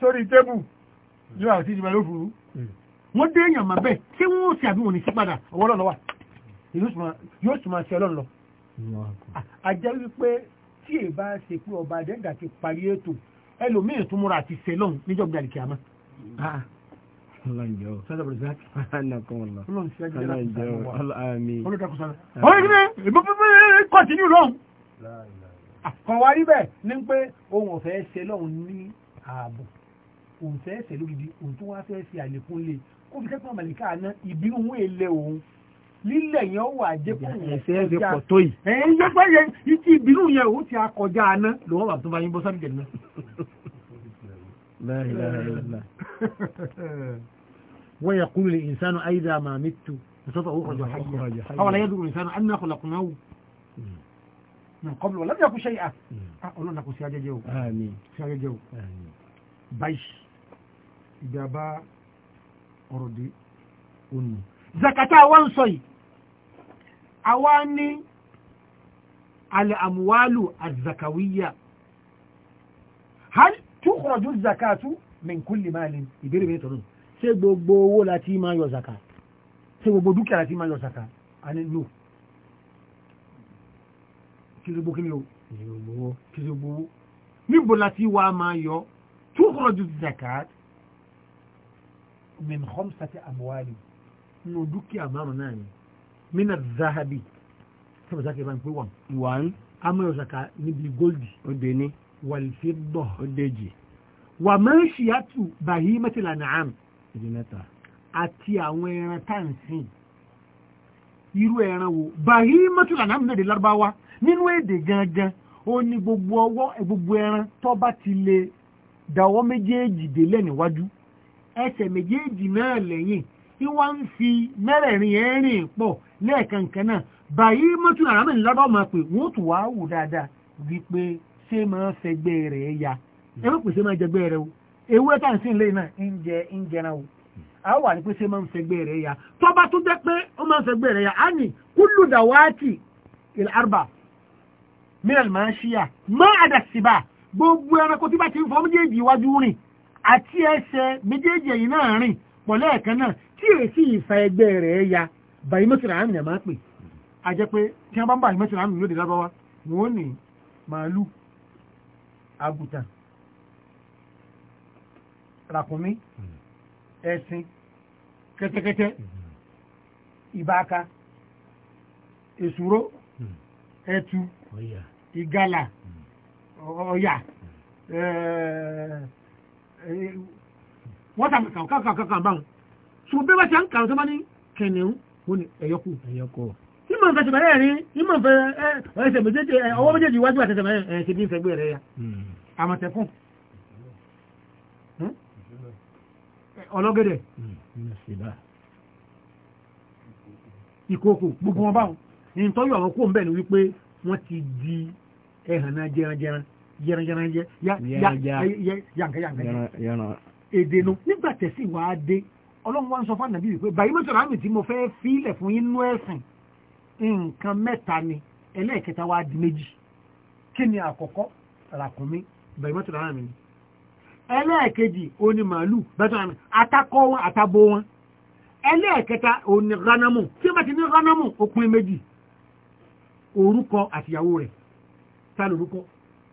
sórí tébù hmm. yóò àti ìjìbẹ̀ ló furu hmm. wọ́n dé èèyàn mà bẹ́ẹ̀ tí wọ́n sì àbí wọn ní sí padà ọwọ́ lọ́nà wà yóò sì máa ṣe ọlọ́run lọ. àjẹ́ wípé tí èè bá ṣe pé ọba adẹ́gà ti parí ètò ẹlòmíì tó múra àti sẹlọ́n níjọba ìdàlìkì àmọ́. Ọlọ́njọ́ ọ̀sán Kọ̀wárí bẹ́ẹ̀ ní pé ohun ọ̀fẹ́ ṣe lọ́hun ní ààbò òun fẹ́ ẹsẹ̀ lógidi òun tó wá fẹ́ ṣe àlékún lé e. kó fi kẹ́kọ̀ọ́ màlìkà àná ìbí òun èlé òun lílẹ̀ yẹn ó wà jẹ́ kó yẹn kọjá ẹ̀yìn yẹn pé yẹn ìtì ìbínú yẹn ó ti akọjá aná lọ́wọ́ bàbá tó bá yín bọ́ sábìjẹ̀ náà. wọ́n yẹ kúrò lè ìsánú àyídá màmí tu sọ́tọ̀ owó kọjá ayé àwọn ayé dùn ìsánú àná kọlà kùnà wù. nà kọ́ bùlọ̀ lọ́dún yà kú ṣe yà ọlọ́run kò sí ajẹ́jẹ́ o sí ajẹ́jẹ́ o báyìí ìjàmbá ọ̀rọ̀ dé òní. zakata wa ń sọ yìí àwa ní alẹ́ àmúwálù àzàkàwíyà hal tukhraju zakatu min kulli malin ìbéèrè mi tọ̀nù ṣé gbogbo owó láti máa yọ zaka ṣé gbogbo dúkìá láti máa yọ zaka a ní lò kí ló gbó kí ni o ìyẹn min khamsati amwali nínú dúkìá márùn náà ni mina zahabi sábà sáà kẹfà ń pè wọn. wọn. amúyọ̀ sàkà níbi góòlì. ó dé ní. wàlìfẹ́ bọ̀. ó dé jì. wà máa ń ṣìyàtù bàhí mẹ́tìlá nàám. ìdí mẹ́ta. àti àwọn ẹran tá à ń sìn. irú ẹran wo bàhí mẹ́tìlá nàám náà dé lárúbáwá nínú èdè gangan ó ní gbogbo ọwọ́ gbogbo ẹran tó ti lè dàwọ́ méjèèjì dé lẹ́nìwájú ẹsẹ̀ méjèèjì náà lẹ́yìn tí wọ́n ń fi mẹ́rẹ̀ẹ̀rin ẹ̀rìn pọ̀ lẹ́ẹ̀kankan náà bàyí mọ́tò àrámì lọ́dọ̀ máa pè wọ́n tù wá wò dáadáa wípé ṣé máa fẹgbẹ́ rẹ̀ ya hmm. ẹ má pèsè máa jẹgbẹ́ rẹ̀ o ewé tá à ń sìn lẹ́yìn náà ń jẹ ń jẹran o a wà ní pé ṣé máa ń fẹgbẹ́ rẹ̀ ya tó tún jẹ́ pé ó máa fẹgbẹ́ rẹ̀ ya á ní kúlù dàwátì ìlàrúbà mílíọ̀nù máa ń ṣíyà má àdàsíbà gbogbo ẹranko tí bá ti ń fọ́ méjèèjì iwájú rìn àti ẹsẹ̀ méjèèjì ẹ̀yìn náà rìn pọ̀lẹ́ ẹ̀kan náà tí èsì ìfà ẹgbẹ́ rẹ̀ ya bàyí mẹ́sìlá àmì ẹ̀ máa pè á jẹ́ pé tí wọ́n bá ń bàyí mẹ́sìlá àmì lóde lábáwá wọ́n ní màálù àgùtàn ràkúnmí ẹṣin kẹ́tẹ́kẹ́tẹ́ ìbáka èsúró ẹtu ìgalà hmm. ọ̀yà hmm wọ́n tà kàkàkàkà báwọn ṣùgbọ́n bí wọ́n ṣe ń kà ọ́n sọ́mọ́ ní kẹ̀nìún ó ní ẹ̀yọ́kù. ẹ̀yọ́kù. ìmọ̀ nǹkan ṣẹ̀bẹ̀rẹ̀ rí ìmọ̀ nǹkan ẹsẹ̀ méjèèjì ọwọ́ méjèèjì iwájú àti ẹsẹ̀ mẹ́rin ẹ̀ ṣe bí ń fẹ́gbẹ́ rẹ̀ ya. Hmm. àmọ̀tẹ́kùn hmm? ọlọ́gẹ̀dẹ̀ hmm. ìkòkò gbogbo wọn báwọn ìtọ́jú àwọn kó ń bẹ̀ ni wípé wọ́n ti di ẹ̀hànà jẹranjẹran yẹranyẹran yẹ yanka yanka yẹ èdè nu nígbà tẹ̀sí wà á dé ọlọ́run wá ń sọ fún ànàbí wípé bàyí mẹ́tọ̀rọ̀ àmì tí mo fẹ́ fílẹ̀ fún inú ẹ̀sìn nǹkan mẹ́ta ni ẹlẹ́ẹ̀kẹta wá di méjì kí ni àkọ́kọ́ ràkúnmí bàyí mẹ́tọ̀rọ̀ àmì ni ẹlẹ́ẹ̀kejì oní màálù bẹ́tọ̀rọ̀ àmì atakọ́ wọn àtabo wọn ẹlẹ́ẹ̀kẹta oní ghanamu tí wọ́n ti ní ghanamu ó pín méjì orúkọ àtìyàwó rẹ̀ tá lórúkọ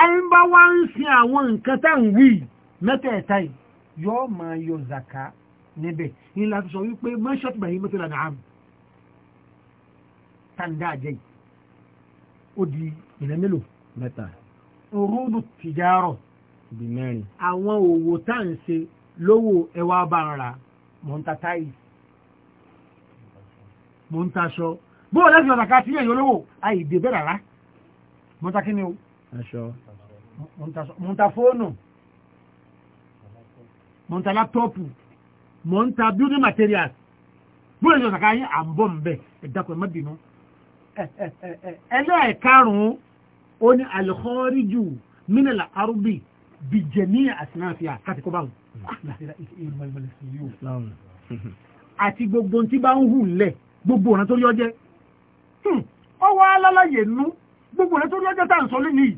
a ń bá wá ń sin àwọn nǹkan tá ń wí mẹ́tẹ̀ẹ̀ta yìí yóò máa yọ zaka níbẹ̀ ní láti sọ wípé mọ́ṣọ́tì bàyí mẹ́tẹ̀ẹ̀lá náà àmì tàǹdà àjẹ́ yìí ó di ìrẹ́ mélòó mẹ́ta orúdù tìjárọ̀ bí mẹ́rin àwọn òwò tá ń ṣe lówó ẹwà bá ń ra mọ́ńtà táyì mọ́ńtà aṣọ bóòlù ẹ̀sìn ọ̀dàkà tí yẹ̀yọ́ lówó àìdè bẹ́ẹ̀ rárá mọ́ńtà o aṣọ mọ̀ntà fóònù mọ̀ntà láptọ́pù mọ̀ntà building materials bóyá ìjọ sàkà yín à ń bọ̀ mbẹ́ ẹ̀dàkọ̀ ẹ̀ má bínú ẹlẹ́ẹ̀karùn-ún ó ní alìkọ́ríjù mínàlá arúgbì bìjẹ̀ ní àsìnáfíà káti kọ́ báwọn àti gbogbo tí bá ń hù lẹ̀ gbogbo ọ̀nà tó yọ jẹ́ ọ wá lálàyé gbogbo rẹ̀ tó lọ́jọ́ tá à ń sọ lé nìyí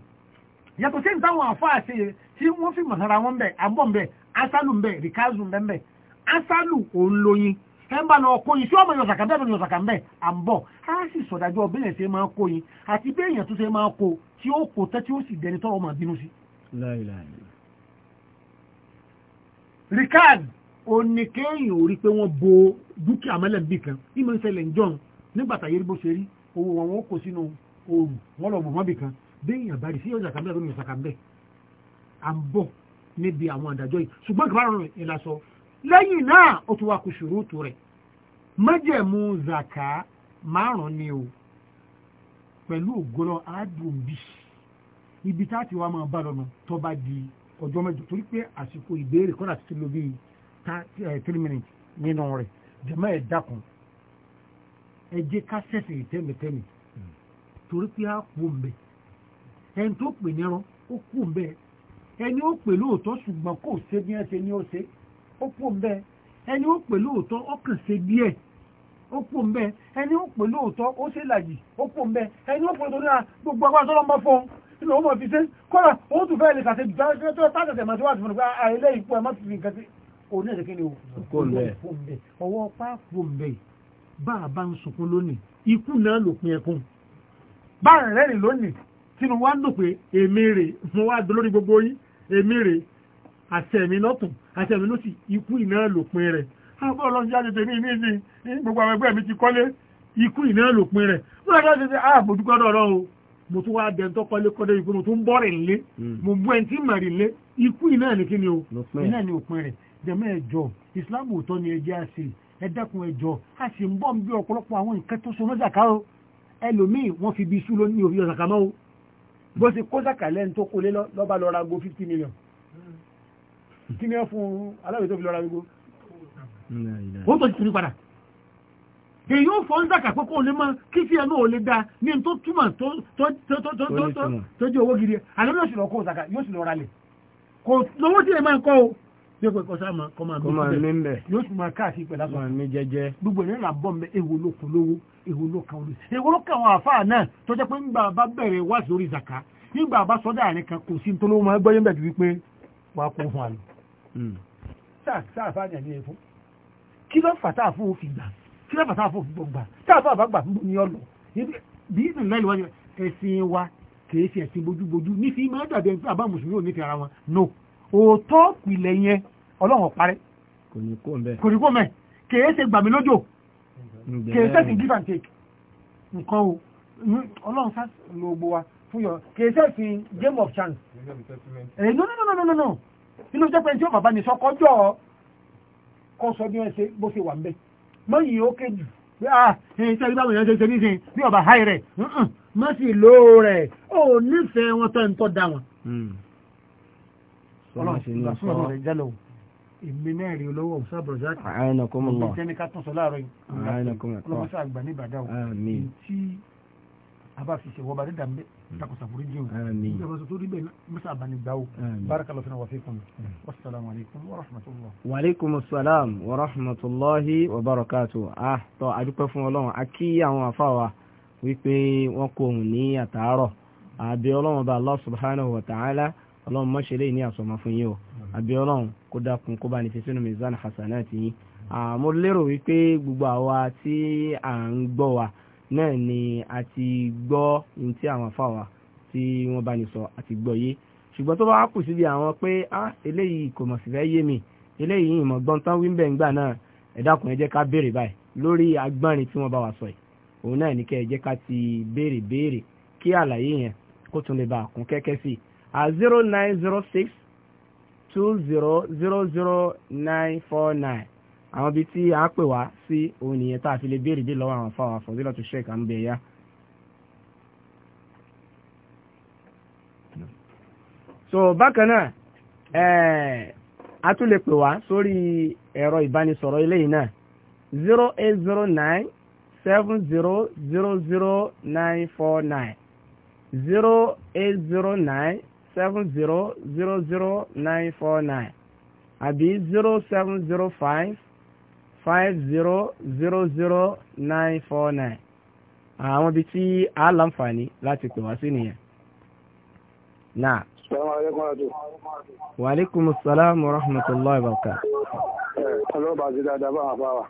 yàtọ̀ sí ìtàwọn àfáà ṣe tí wọ́n fi mọ̀sára wọn bẹ̀ àbọ̀ bẹ̀ asálù bẹ̀ ríkázù bẹ̀ bẹ̀ asálù òun lóyin ẹ ń bá lọ kó yin sí ọmọ yọ sàkà bẹ́ẹ̀ yọ sàkà bẹ́ẹ̀ à ń bọ̀ á sì sọ̀dájọ́ bẹ́ẹ̀ ṣe máa kó yin àti bẹ́ẹ̀ yẹn tó ṣe máa kó tí ó kó tẹ́ tí ó sì dẹni tọ́wọ́ máa bínú sí. ríkáàdì oníkéyìn ò rí pé wọ́n bo dúkìá mẹ́lẹ̀ bì kan ìmọ̀ ìṣẹ̀lẹ̀ ń jọ̀n nígbàtà yẹ́rìbó ṣe rí owó wọn wọn kò sínú oòrùn wọ́n lọ bò mọ́bì kan béèyàn bá rí sí ọjà kàmbẹ́ lómi ọ̀sà kàmbẹ́ à ń bọ̀ níbi àwọn àdájọ́ yìí ṣùgbọ́n kí wọ́n ìlà sọ lẹ́yìn náà ó tún wá kù ṣùrùtù rẹ̀ májẹ̀mú zàkà márùn-ún ni o pẹ̀lú ògbólọ́ àádùn bí ibi tá a ti wá máa bá lọ́nà tó bá di ọjọ́ mẹ́jọ torí pé àsìkò ìbéèrè kọ́dà ti lo bíi three minutes nínú rẹ̀ jẹ̀mọ́ ẹ̀ dákun ẹ jẹ́ ká ṣẹ̀ṣẹ̀ tẹ́mìtẹ́mì torí pé a kú mbẹ ẹni tó pè ní ẹran ó kú mbẹ ẹni ó pè lóòótọ́ ṣùgbọ́n kò ṣe bí ẹ ṣe ní ó ṣe ó kú mbẹ ẹni ó pè lóòótọ́ ó kàn ṣe díẹ̀ ó kú mbẹ ẹni ó pè lóòótọ́ ó ṣe làjì ó kú mbẹ ẹni ó pè lóòótọ́ náà ah, gbogbo agbára tó lọ́mọ fún nínú ọmọ fi ṣe kọ́ra òun tún fẹ́ẹ́ lè kàṣe sí òun náà ṣèkéde o ọwọ́ pápó mbẹ bá a bá ń rẹ́rìn lónìí tínú wá ń dùn pé èmi rè mo wá dolórí gbogbo yín èmi rè àtẹ̀mí lọ́tùn àtẹ̀mí lọ́sì ikú iná lòpin rẹ̀ àbọ̀ ọlọ́run jáde tèmi ní ní gbogbo àwọn ẹgbẹ́ mi ti kọ́lé ikú iná lòpin rẹ̀ mo lọ́dọ̀ ṣe ṣe ààbò dúpẹ́ dọ̀rọ̀ o mo tún wá dẹ̀ ń tọ́kọ́lé kọ́lé ikú mo tún bọ́ rìn lé hmm. mo bú ẹni tí mà rìn lé ikú iná ní kíni o iná ní òpin rẹ̀ jẹ̀mọ́ ẹ̀jọ̀ ìsìlámù òótọ́ ni ẹjẹ́ àṣẹ ẹ̀dẹ́kun ẹ̀jọ̀ a sì ń bọ̀ ń bí ọ̀pọ̀lọpọ̀ àwọn nǹkan tó so mọ́jà ká o ẹlòmíì wọ́n fi bí sú lónìí òfin ọ̀sàkà mọ́ o bó ṣe kó sàkàlẹ́ ń tó kó lé lọ́ba lọ ra go fifty million kí ni wọ́n fún aláwẹ̀ tó fi lọ ra gbogbo ó tó ti tún ní padà èyí ó fọ́ ń zàkà pé kó lè mọ kí sí ẹnu ò lè da ní tó túmọ̀ tó jẹ́ owó gidi àlọ́ yóò sì lọ kó zàkà yóò sì lọ ralẹ̀ kò lówó tí ẹ máa ń kọ́ o yóò pẹ́ kọ́sá ma kọ́ máa mí bẹ̀ yóò tún máa káàkiri pẹ̀lú àpò mi jẹ́jẹ́ gbogbo ẹ̀rẹ́ là bọ́ mi èwo ló kun lówó èwo ló kan olùsí èwo kan àwọn àfáà náà tó pé ńgbà bá bẹ̀rẹ̀ wá sórí zaka nígbà bá sọ́dọ̀ àárín kan kò sí nítorí wọn gbọ́yé bẹ̀ wípé wà á kó fún àlọ́. sáàfáà hmm. ní ẹ̀yẹ fún kí ló fà tá àfọ òfin gbà kí ló fà tá àfọ òfin gbà tá àfọ àbá gbà fún mi ọlọ bí ìlú ẹ̀sìn wa kì ẹ̀sìn bójúbójú nífi máa dàbí ẹni pé àbá mùsùlùmí ò no òótọ́ pìlẹ̀ yẹn ọlọ́run ọ̀parẹ́ kò ní mẹ́ kèé ṣe gbàmí lójò kèé ṣe ti give and take nǹkan o ọlọ́run sá lo wa fún yọ kèé ṣe fi game of chance ẹ̀ eh, no no no no no nínú jẹ́ pé tí ó bàbá ní sọ kọjọ́ kọ́ sọ bí wọ́n ṣe bó ṣe wà ń bẹ́ mọ́yìn ó kéjù pé ah ẹ̀yìn tí ẹgbẹ́ òyìnbó ṣe nísìn bí ọba háì rẹ̀ má lóò rẹ̀ ó nífẹ̀ẹ́ wọn tó ń tọ́ da wọn. Hmm ọlọ́run èmi náà rí olówó ọ̀sá bọ̀rọ̀sáàkì àyànàkọ́mọ̀lá ọ̀sẹ̀ ní ká tún sọ láàárọ̀ yìí àyànàkọ́mọ̀lá ọlọ́mọṣẹ́ àgbà ní ìbàdàn àmín tí a bá fi ṣe wọ́n bá dé dàmbé hmm. takosa furu jiw àmín ìjọba sọ tó rí bẹ́ẹ̀ masa àbáni gbáwó barakallahu fina wa fikum hmm. wasalaamu alaykum wa rahmatulah. wa aleykum salaam wa rahmatulahi wa barakatu ah tọ́ adúpẹ́ fún ọlọ́run a kí àwọn afa wípé wọ́n kò ní àtàárọ̀ àbí ọlọ́run bá Allah subhanahu wa ta'ala ọlọ́run má ṣe léyìn ní àsọmọ fún yín o mm. àbí ọlọ́run kó dákun kó bá ní fi sínú mizan hasanati yín mo lérò wípé gbogbo àwa tí à ń gbọ́ wa náà ni a ti gbọ́ ní ti àwọn afá wa tí wọ́n bá ní sọ àti gbọ́ yé ṣùgbọ́n tó bá kù síbi àwọn pé ah eléyìí kò mọ̀ sí fẹ́ yé mi eléyìí ìmọ̀ gbọ́ntán wíńbẹ̀ ńgbà náà ẹ dákun ẹ jẹ́ ká béèrè báyìí lórí agbọ́nrin tí wọ́n bá wa sọ yìí òun náà ní kẹ́ ẹ ká ti béèrè béèrè kí àlàyé yẹn kó tún lè bá a kẹ́kẹ́ sí i at zero nine zero six two zero zero zero nine four nine àwọn ibi tí a pè wá sí òun nìyẹn tá a fi lè béèrè dé lọ́wọ́ àwọn fáwọn àfọ̀dúnlọ́ tó ṣèkà ń bẹ̀ yá. so bákan náà eh, a tún lè pè wá sórí ẹ̀rọ ìbánisọ̀rọ̀ eléyìí náà zero eight zero nine seven zero zero zero nine four nine zero eight zero nine seven zero zero zero nine four nine àbí zero seven zero five five zero zero zero nine four nine àwọn ibi tí a láǹfààní láti pè wá sí nìyẹn. náà. Assalamu alaikum. Wa alaikum assalam wa rahmatullahi wa barakatuh. ọlọ́ba àti dáadáa bá wà bá wà.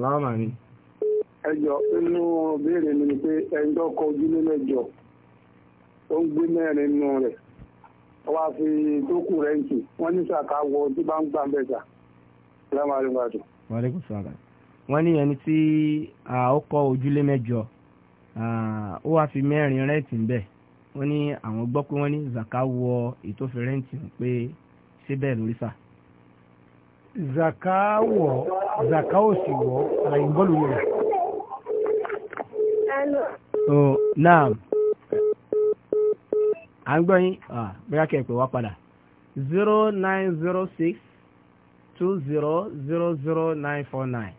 láàmà mi. ẹjọ inú béèrè mi ni pé ẹni tó kọ ojú ní mẹ́jọ tó ń gbé mẹ́rin nù rẹ̀ wá fi tó kù rẹ̀ ń tù wọ́n ní sàkà wọ tí bá ń gbà ń bẹ̀ta lámàrínwájú. wàlẹ́kùn sàrà wọ́n ní ẹni tí ó kọ́ ojúlé mẹ́jọ ó wá fi mẹ́rin rẹ́ǹtì ń bẹ̀ wọ́n ní àwọn gbọ́ pé wọ́n ní zaka wọ ètò fi rẹ́ǹtì ń pé síbẹ̀ lórí sà. zaka wọ zaka ò sì wọ àyìnbọ́lù rẹ̀. naam à ń gbọ́ yín bóyá kẹ́ ẹ pè wá padà zero nine zero six two zero zero zero nine four nine.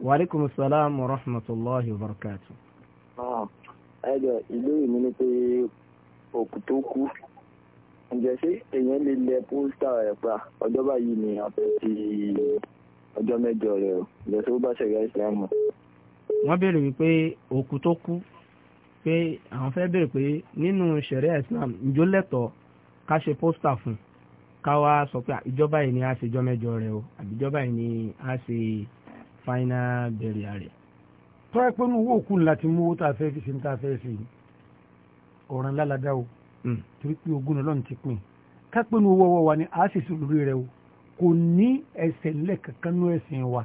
wa aleykum salaam wa rahmatulahi wa barakatu. ẹ jọ ìbéèrè mi ni pé òkú tó kú ǹjẹ́ ṣé èèyàn lè lẹ pósítà rẹ̀ pa ọjọ́ báyìí ni àfẹ́ ti ọjọ́ mẹ́jọ rẹ̀ o ǹjẹ́ tó bá ṣẹ̀gá ìsìlámù. wọ́n béèrè wípé òkú tó kú pé àwọn fẹ́ bèèrè pé nínú ṣẹ̀ríà Islam ìjó lẹ́tọ̀ọ́ ká ṣe pósítà fún ká wá sọ pé ìjọba yìí ni a ṣe jọ mẹ́jọ rẹ̀ o àbí ìjọba yìí ni a ṣe final burial rẹ̀. tọ́ ẹ pé inú owó òkú ńlá ti mú owó tá a fẹ́ fi ṣe ń tá a fẹ́ ṣe ọ̀ràn lálàdá o hmm. torí pé ogún náà ti pín ká pé inú owó ọwọ́ wa ni a sì sí lórí rẹ̀ o kò ní ẹsẹ̀ ńlẹ̀ kankan nú ẹ̀sìn wa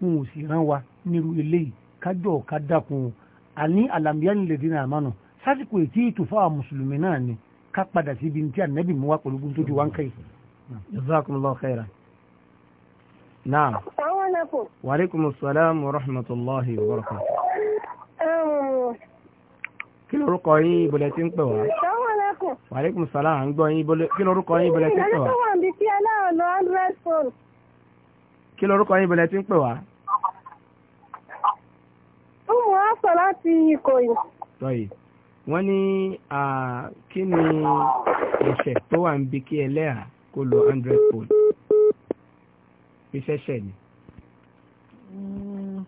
n ò sì rán wa nírú eléyìí kájọ ká dákun o àní àlàmíyàn lè dín àmánù sásìkò ètí ìtò fáwọn mùsùlùmí náà ni ká padà sí ibi tí ànẹ́bì mú wá pẹ̀lú tó ju wá ń kẹ́ jazakumullahu khairan naam wa alaikumus salam wa rahmatullahi wa barakatuh kí lorúkọ yín ìbọ̀lẹ̀ tí ń pè wá wa alaikumus salam à ń gbọ́ yín kí lorúkọ yín ìbọ̀lẹ̀ tí ń pè wá kí lorúkọ yín ìbọ̀lẹ̀ tí ń pè wá sọ láti Ìkòyí. Right. Wọ́n ní kí ni ẹ̀ṣẹ̀ tó wà ń bi kí ẹlẹ́à kó lo hundred pound? Ìṣẹ̀ṣẹ̀ ni. Mm.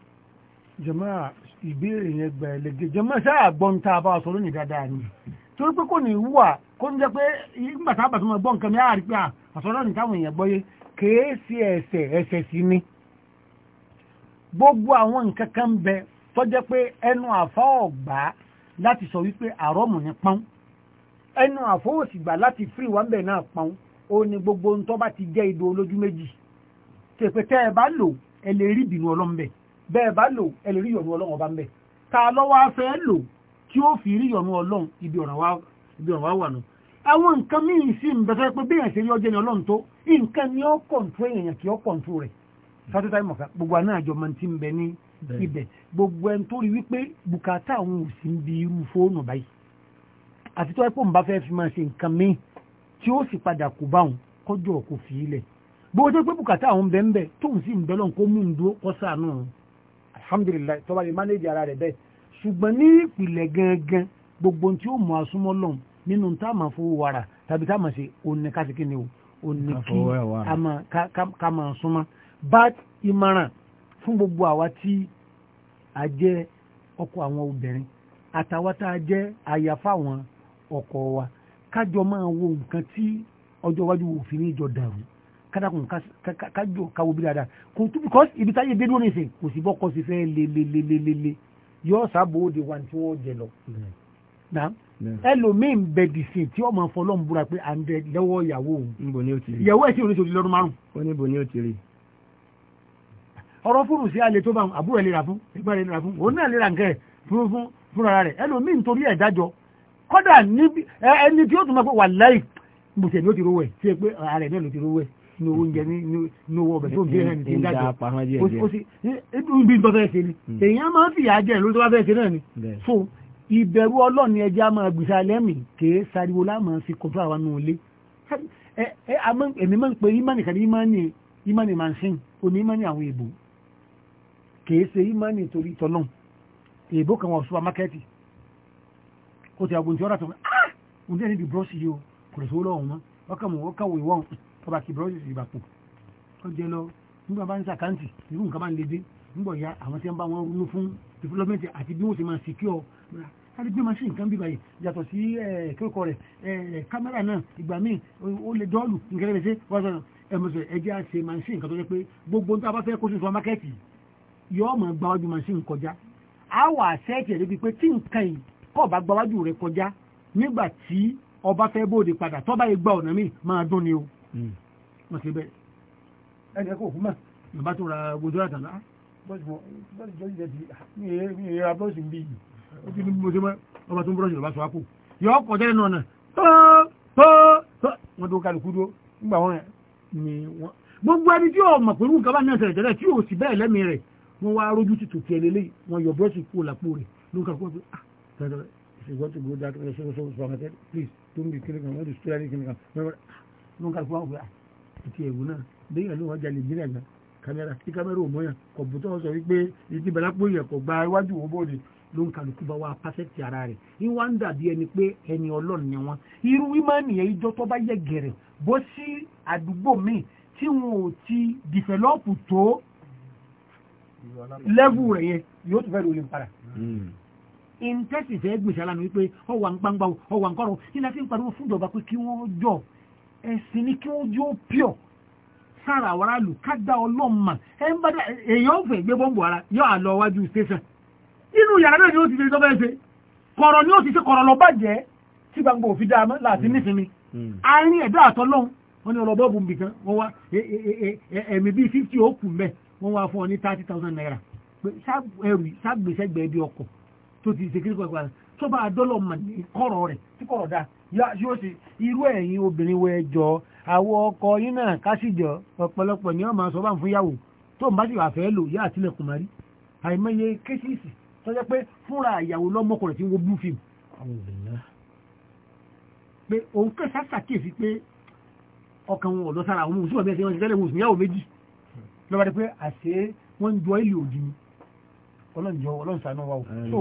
Jàmáà ìbéèrè yẹn gba ẹlẹ́gẹ̀. Jàmáà ṣáà gbọ́n tá a bá sọ lónìí dáadáa ni. Torí pé kò ní wà kó ń jẹ́ pé nígbà tá a bàtú mọ̀ gbọ́n nǹkan mi á rí pé àsọ̀rọ̀ ní táwọn èèyàn gbọ́yé kèé sí ẹ̀ṣẹ̀ ẹ̀ṣẹ̀ sí ni. Gbogbo àwọn nǹkan kan bẹ tó jẹ́ pé ẹnu àfá ọ̀gbá láti sọ wípé àrọ́mù ní pọ́n ẹnu àfọ́ òsìgbà láti free wá ń bẹ̀ náà pọ́n ó ní gbogbo ń tó bá ti jẹ́ ìdó olójú méjì tèpè tẹ́ ẹ bá lò ẹ lè rí ìbínú ọlọ́run bẹ̀ bẹ́ẹ̀ bá lò ẹ lè rí ìyọ̀nù ọlọ́run ọba ń bẹ̀ ta lọ́wọ́ afẹ́ lò tí ó fi rí ìyọ̀nù ọlọ́run ibi ọ̀ràn wá wà nù àwọn nǹkan míì sí ń bẹ̀rẹ̀ pé bẹ́ẹ̀ ṣe rí ọjọ́ ní ọlọ́run tó nǹkan ni ó kọ̀ǹtú èèyàn kì ó kọ̀ǹtú rẹ̀ sátẹ́tà ìmọ̀ká gbogbo àná àjọ ti ń bẹ ní ibẹ̀ gbogbo ẹni tó rí wípé bùkátà àwọn òsì ń bi irú fóònù báyìí àti tó ẹ̀pọ̀ nbá fẹ́ fi máa ṣe nǹkan míì tí ó sì padà kó bá wọn kọjọ́ kò fi ilẹ̀ gbogbo tó pé bùkátà àwọn bẹ́ẹ̀ tóun sì ń bẹ́ lọ́n kó mú un dúró kọ́ sànù alhamdulilayi tọ́ba lè mánéjì ara rẹ̀ bẹ́ẹ̀ ṣùgbọ́n ní ìpìlẹ̀ gangan gbogbo tí ó mú asúmọ́ lọ́n nínú tá a máa fowó wara tàbí tá a máa ṣe òní kásìkí ni o òní kí a máa súnmọ́ bá ìmọ̀ràn fún gbogbo àwa tí a jẹ́ ọkọ àwọn obìnrin àtàwa tá a jẹ́ aya fáwọn ọkọ wa kájọ máa wo nǹkan tí ọjọ́ iwájú òfin ìjọ dàrú kádàkùn kájọ káwo bí dáadáa kò tún because ibi táyé dé dúró nìsín kò sí bọ́kọ sí fẹ́ lelelelele yóò sábò òde wa tí wọ́n jẹ lọ. ẹlòmíì ń bẹ dìsìn tí ọmọ fọlọ́n búra pé à ń ìyàwó òun ìyàwó ẹ̀ sì oníṣòwò lọ́dún márùn-ún. ó ní bò ní òtí rí i ọ̀rọ̀ fúrù sí alẹ́ tó bá wọn àbúrò ẹ̀ lera fún ẹgbẹ́ rẹ̀ lera fún òun náà lera nǹkan ẹ̀ fún fún fúnra rẹ̀ ẹlòmíì nítorí ẹ̀ dájọ́ kọ́dà ẹni tí ó tún máa pé wàláì bùtẹ̀ ni ó ti rówó ẹ̀ tí ẹ pé ààrẹ náà ló ti rówó ẹ̀ ní owó oúnjẹ ní owó ọbẹ̀ tó ń bí ẹni tí ń dájọ́ ó sì ibi tó fẹ́ ṣe ni èèyàn máa ń fìyà jẹ ló tó bá fẹ́ ṣe náà ni so ìbẹ̀rù ọlọ́run ni ẹja máa gbèsè alẹ́ mi kéé sariwo láàmú sí kọ́tún àwọn nù ilé èmi máa ń pe imani kàdé imani imani mansin oní imani àwọn èèbù kìí ṣe ìmánì torí tọ́lọ́n èèbó kan wọ supermarketi ó ti agbóhùn tí ó rà tọ́lọ́n ah ǹdí ẹni bí bírọ́ọ̀ṣì yìí o kò lè sọ lọ́wọ́ wọn wọ́kàmù wọ́kàwé wọn ọba kì bírọ́ọ̀ṣì sì bàpọ̀ ó jẹ lọ nígbà bá ń sàkáǹtì irú nǹkan bá ń le dé nígbà ya àwọn tí ń bá wọn rú fún development àti bí wọ́n ti máa secure láti gbé machine kan bí báyìí yàtọ̀ sí eh, kíkọ rẹ̀ kámẹ́rà eh, náà ìgbà míì ó lè dọ́ọ̀lù nǹkan rẹ̀ ṣe wọ́n sọ ẹ̀mọ̀sọ̀ ẹ̀jẹ̀ àṣẹ machine kan tó jẹ́ pé gbogbo ń bá fẹ́ kó sí supermarketi yóò mọ̀ gbáwájú machine kọjá a wà sẹ́ẹ̀kì rẹ̀ wípé tí nǹkan yìí kọ́ bá gbáwájú rẹ̀ kọjá nígbà tí ọba fẹ́ bóde padà tọ́ba yìí gba ọ̀nà míì máa dún ni o. wọ́n hmm. ti bẹ́ẹ̀ ẹni ẹ̀kọ́ òkú mọ̀ bàbá tó ra gbòdó àtàlá. Ah, bọ́sì jọ́sì jẹ́ ti mi ì ra bọ́sì ń bí yìí ó ti ní mo ṣe mọ́ ọba tó ń bọ́sì lọ́ba sọ ni wọ́n gbogbo ẹni tí yóò mọ̀ pẹ̀lú nǹkan bá ní ọ̀sẹ̀ rẹ̀ tí yóò sì bẹ́ẹ̀ lẹ́mìí rẹ̀ wọ́n wá rójú títù tí ẹlẹ́lẹ́ wọ́n yọ búrọ́ṣì kúrò lápò rẹ̀ ló ń kà kúrò pé ah tẹ́tẹ́ ṣùgbọ́n tó gbọ́dọ̀ dákẹ́ ṣe ṣe ṣe please tó ń bì kíni kan wọ́n ti ṣúra ní kíni ah ìtì ah, ẹ̀wù náà lẹ́yìn àlọ́ wọn jalè nílẹ̀ gan kámẹ́rà tí kámẹ́rà ò mọ́yàn kọ̀ǹpútà sọ wípé ìdí bàlápò yẹ wa pásẹ́tì ara rẹ̀ ní wá ń dàbí ni wọn irú ìmánì yẹn ìjọ tó bá yẹ gẹ̀rẹ̀ bó sí àdúgbò lẹ́bù rẹ̀ yẹ yóò tún fẹ́ lórí nǹkan rẹ̀ ìntẹ́sì fẹ́ gbèsè alámi wípé ọwà ń gbangba ọwà ń kọ́rọ̀ nílá tí ń pariwo fún ìjọba pé kí wọ́n jọ ẹ̀sìn ni kí wọ́n jó pure sára àwọn aráàlú kádà ọlọ́mà ẹ̀ ń bá èèyàn ọ̀fẹ́ gbé bọ́ǹbù ara yọ àlọ́ wájú station inú yàrá náà ni ó ti fi sọ́fẹ́ ṣe kọ̀rọ̀ ni ó ti ṣe kọ̀rọ̀ lọ bàjẹ́ tí gbangba òfin dáa láti hmm. nísinmi hmm. àárín ẹ̀dá àtọ́lọ́hún wọn ni ọlọ́bọ̀ọ̀bù nìkan wọ́n wá e, e, e, ẹ̀mí bíi fífì ó mẹ́ẹ̀ wọ́n wá fún ọ ní thirty thousand naira ẹrù ságbèsẹ́gbẹ̀ẹ́ bí ọkọ̀ tó ti ṣe kíríkọ̀ ìpàdé tó bá dọ́lọ̀ mọ̀ ní kọ̀rọ̀ rẹ̀ tí kọ̀rọ̀ dáa yóò ṣe irú ẹ̀yin obìnrin wẹ jọ àwọn ọkọ yín náà kásìjọ ọ̀pọ̀lọpọ̀ ni wọ́n máa sọ bá ń fún yàwó tó ń bá sì wà fẹ́ lò yá àtìlẹ̀kùn máa rí àìmọye kéṣìṣì tó jẹ́ pé fúnra ìyàwó lọ́mọkùnrin tí ń wo blue film. pé òun kẹsà ṣàkíyèsí pé ọkàn wọn ò lọ sára àwọn ọmọ òṣùwọ̀n bí ẹ lọ́ba dé pé àṣé wọ́n ń jọ ilé òdì ni ọlọ́njọ ọlọ́nsàánú wa o so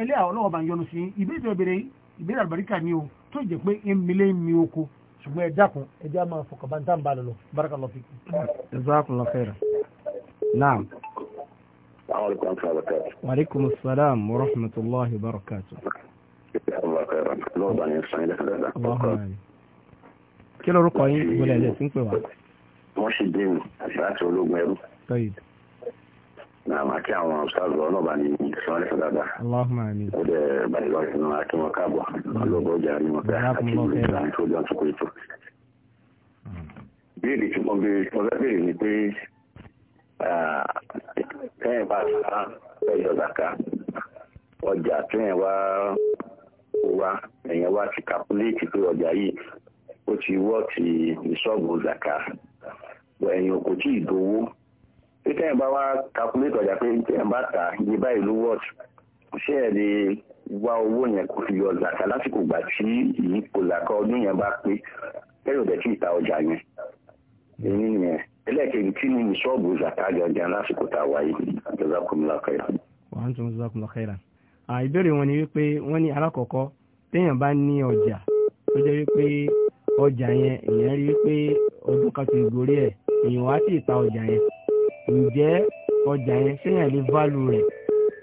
ẹlẹ́ àwọn ọlọ́wọ́ bá ń yọnu sí ìbéèrè ìbéèrè ìbéèrè àlùbáríkà ni o tó jẹ́ pé emile mi oko ṣùgbọ́n ẹ dákun ẹ jẹ́ àmọ́ fọkàbáńtà ń bá lọ baraka lọ fi. jazakallahu khairan naam. wa alaikum salaam wa rahmatullahi wa barakatuh. kí lorúkọ yín gbọ́dọ̀ ẹ̀lẹ́sìn wọ́n sì béèrè àti láti ológun ẹrú. Nàmà kí àwọn ọ̀sáàzù ọlọ́ba ní ìṣọ́lé fún dada. Ó dẹ̀ balẹ̀lọ́ ìsinú akí wọn káàbọ̀. Ọlọ́gbọ́ ọjà ni wọ́n fẹ́ àti ìlú ìlànà tó jọ tukú ètò. Béèrè tí mo béèrè tí mo fẹ́ béèrè ni pé kẹ́yìn bá sá ẹ̀yọ̀ zàká ọjà kẹ́yìn wá wá ẹ̀yìn wá ti kàpúléètì pé ọjà yìí ó ti wọ́ ti ìṣọ́gun zàká ẹ̀yìn kò tí ì dówó pé tẹ́yìn bá wá calculate ọjà pé tẹ́yìn bá tà iye báyìí ló wọ́t ṣé ẹ̀ lè wá owó yẹn kó fi yọ zàkà lásìkò gbà tí ìyípo zàkà ọdún yẹn bá pé tẹ́yìn ọ̀dẹ̀ tí ì ta ọjà yẹn èyí yẹn ẹlẹ́ẹ̀kejì tí ní ṣọ́ọ̀bù zàkà gangan lásìkò tá a wáyé jazakumullahu ìbéèrè wọn ni wípé wọ́n ní alákọ̀ọ́kọ́ téèyàn bá ní ọjà tó jẹ́ wípé ọjà yẹn èèyàn rí wípé ọdún kan ti gorí ẹ̀ èèyàn á sì ta ọjà yẹn ǹjẹ́ ọjà yẹn séèyàn lè válù rẹ̀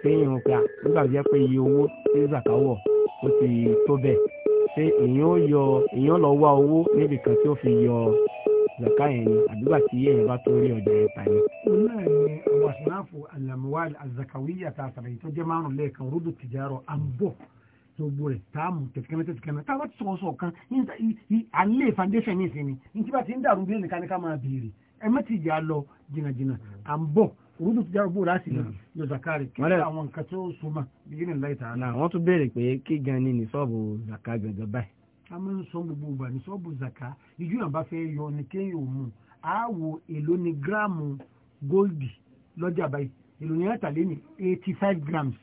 séèyàn ká nígbà tó jẹ́ pé iye owó tí zakawọ̀ ó ti tó bẹ́ẹ̀ ṣé èèyàn ó yọ èèyàn lọ wá owó níbi kan tí ó fi yọ zaka yẹn ni àdúgbà tí èèyàn bá tó rí ọjà yẹn tà ní. òun náà ni àwọn àṣìláàfù alamuwal azakawiya ta àtàlàyé tó jẹ́ márùn lẹ́ẹ̀kan rúdù tìjárọ̀ àǹbọ̀ gbogbo rẹ̀ táàmù tẹ̀síkẹ́mẹ́ tẹ̀síkẹ́mẹ́ tá a bá ti sọ̀rọ̀ sọ̀kan alẹ́ foundation ní ìsinmi ní tí bá ti ń dàrú bí ẹnìkan ní ká máa béèrè ẹ má ti jà lọ jìnnàjìnnà à ń bọ̀ orúdù tó jáwọ́ bóòlù àti hmm. yóò zakari kí àwọn nǹkan tó so ma bìyìn ní láì tààlà. wọ́n tún béèrè pé kí gan ni ní sọ́ọ̀bù zaka gangan báyìí. a máa ń sọ gbogbo ìgbà ní sọ́ọ̀bù zaka ìjú yàn bá fẹ́ yọ ni kéèyàn ò mú un àáwò èlò ni gíráàmù góòlì lọ́jà báyìí èlò ni ẹ̀ta lé ní eighty five grams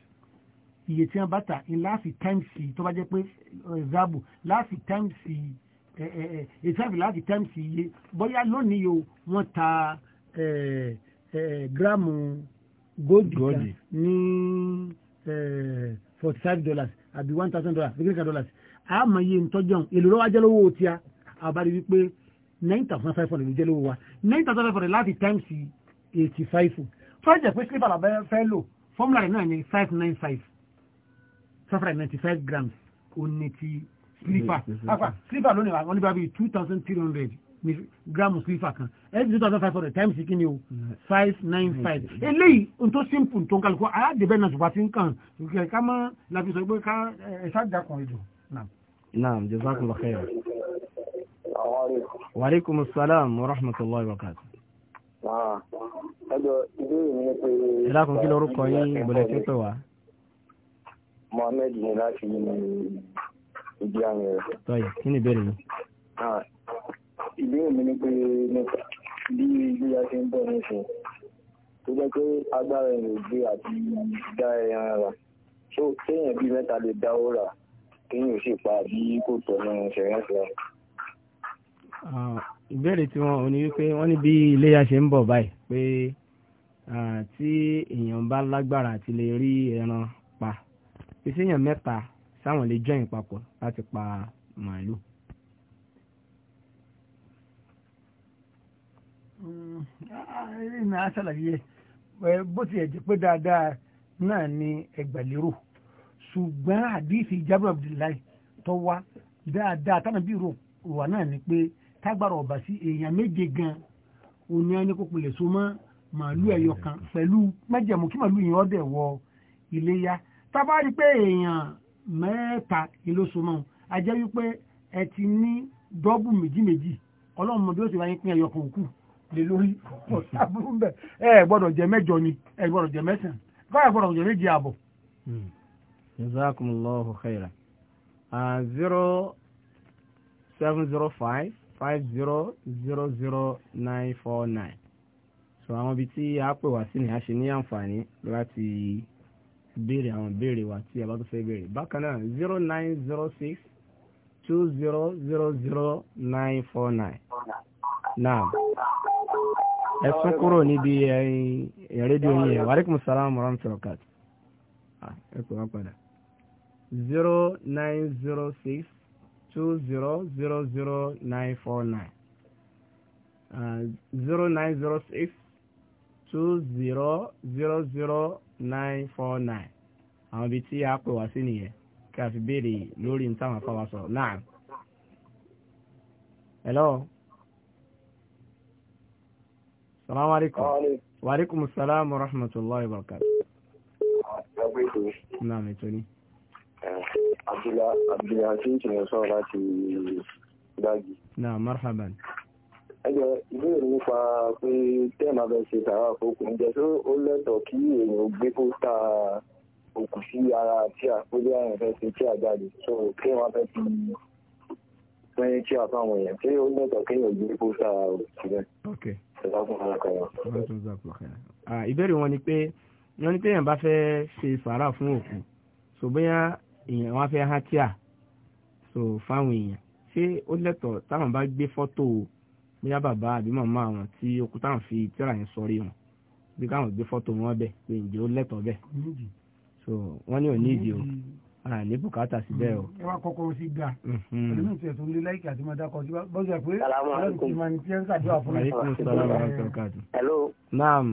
iye tí wọ́n bá ta láàfin times tó bá jẹ́ pé eh, zabu láàfin times ìsáfì láti tẹ́m̀sì yìí bóyá lónìí yóò wọ́n ta gíráàmù eh, eh, góòdì ní eh, forty five dollars àbí one thousand dollars fifty five dollars àmọ́ iye ntọ́jọ́ èlò lọ́wọ́ ajẹ́lówó tí a àbárí wípé nine thousand five hundred ló jẹ́ lówó wa nine thousand five hundred láti tẹ́m̀sì eighty five fọ́jà pé sílíbà làbẹ́ fẹ́ lò fọ́mùlà rẹ̀ náà ní five nine five five hundred ninety five grams ó slipper mm-hmm, mm-hmm. apá slipper lónìí àwọn nípa bíi two thousand three hundred ní gíráàmù slipper kan ẹni two thousand five hundred times kí ni o five nine five mm-hmm. eléyìí n tó simple tó ń kálukú àádébẹ́ náà ṣùgbọ́n àti nǹkan ká má la fi sọ pé ká ẹ̀ṣá dàkùn ẹ̀dùn náà. naam jazakumullahu khairan. wa alaikumus salam wa rahmatullahi wa barakatuh ẹjọ́ ah, ìbéèrè mi ni pé. yín ìbọ̀lẹ̀ tí ó pè wá. mohammed ni láti yí ni ìgbé àwọn ẹ̀rọ. báyìí kí ni ìbéèrè yìí. ìbéèrè mi ni pé bí ìgbéyà ṣe ń bọ̀ nísìnyí tó jẹ́ pé agbára ẹ̀yìn ògbé àti dá ẹran ara tó téèyàn bíi mẹ́ta lè dá ó rà téèyàn ò sì pa bí kò tọ́ nínú ṣẹ̀rẹ́sẹ̀. ìbéèrè tí wọn ò ní wípé wọn ní bí iléyà ṣe ń bọ̀ báyìí pé tí èèyàn bá lágbára àti lè rí ẹran pa ìṣèyàn mẹ́ta sáwọn lè join papọ̀ láti pa màálù. ìrìnà aṣàlàyé bó ti ẹ̀jẹ̀ pé dáadáa náà ni ẹgbẹ̀lérò ṣùgbọ́n àdìsí Jabir Abdullahi tó wá dáadáa tánà bí rò wà náà ni pé tágbàrọ̀ ọ̀bà sí èèyàn méje gan òní ẹni kò pèlè so mọ́ màálù ẹ̀yọ kan pẹ̀lú májẹ̀mú kí màálù yìí ọ̀dẹ̀ wọ iléyá tábà rí pé èèyàn mẹ́ta ìlóṣùmọ́ a jẹ́ wípé ẹ ti ní dọ́bù méjì méjì ọlọ́run mọ̀ bí ó ti wáyé pín ẹyọ kan òkú lè lórí ọ̀sà burú ń bẹ̀ ẹ gbọ́dọ̀ jẹ mẹ́jọ ni ẹ gbọ́dọ̀ jẹ mẹ́sàn-án báyà gbọ́dọ̀ jẹ méje àbọ̀. Hmm. jazakumullahu khaira ah, zero seven zero five five zero zero zero nine four nine so àwọn ibi tí a pè wá sí ni a ṣe ní àǹfààní láti béèrè àwọn béèrè wa tí a bá tó fẹ́ béèrè bákan náà zero nine zero six two zero zero zero nine four nine naam ẹ tún kúrò níbi rédíò yìí wa alaikum salaam wa rahmatullahi wa barakatuh ẹ pè wá padà zero nine zero six two zero zero zero nine four nine zero nine zero six two zero zero zero nine four nine àwọn ibi tí a pè wá sí nìyẹn kí a fi béèrè lórí ní táwọn afáwa sọ náà. hello. salaamu aleykum. wa aleykum salaam wa rahmatulahi wa barakatu. ọgbẹ́ ètò. náà mi tó ní. abdulhakeem kìnìún sọ̀rọ̀ láti dági. náà marhaban ẹjọ ìbéèrè nípa pé tẹ́ẹ̀mà bẹ ṣe tàrà òkú ǹjẹ́ tó ó lẹ́tọ̀ọ́ kí èèyàn gbé pósítà òkú sí ara tí àkójọ àyàn fẹ́ ṣe tí àjáde so kí wọ́n fẹ́ fi pín tí a fáwọn èèyàn tí ó lẹ́tọ̀ọ́ kí èèyàn gbé pósítà òkú síbẹ̀. ok ìbéèrè wọn ni pé wọn ní téèyàn bá fẹ́ ṣe sàrà fún òkú so bóyá èèyàn wọn fẹ́ há tíà so fáwọn èèyàn ṣé ó lẹ́tọ̀ọ́ táwọn bá gbé fọ́tò bóyá bàbá àbí màmá àwọn tí okùn táwọn fi tíra yẹn sọrí wọn bí káwọn gbé fọ́tò wọn bẹ̀ pé ǹjẹ́ ó lẹ́tọ̀ọ́ bẹ̀ so wọ́n ní ò ní ìdí o ara ní bùkátà sí bẹ́ẹ̀ o. ẹ wá kọ́kọ́ sí ga mhm. ẹni tí ẹ̀sùn lé láìkì àti máa dákọ̀ síbá bọ́sẹ̀ pé ọlọ́run ti máa ń tiẹ́ ń ṣàdúrà fún mi. hello. naam.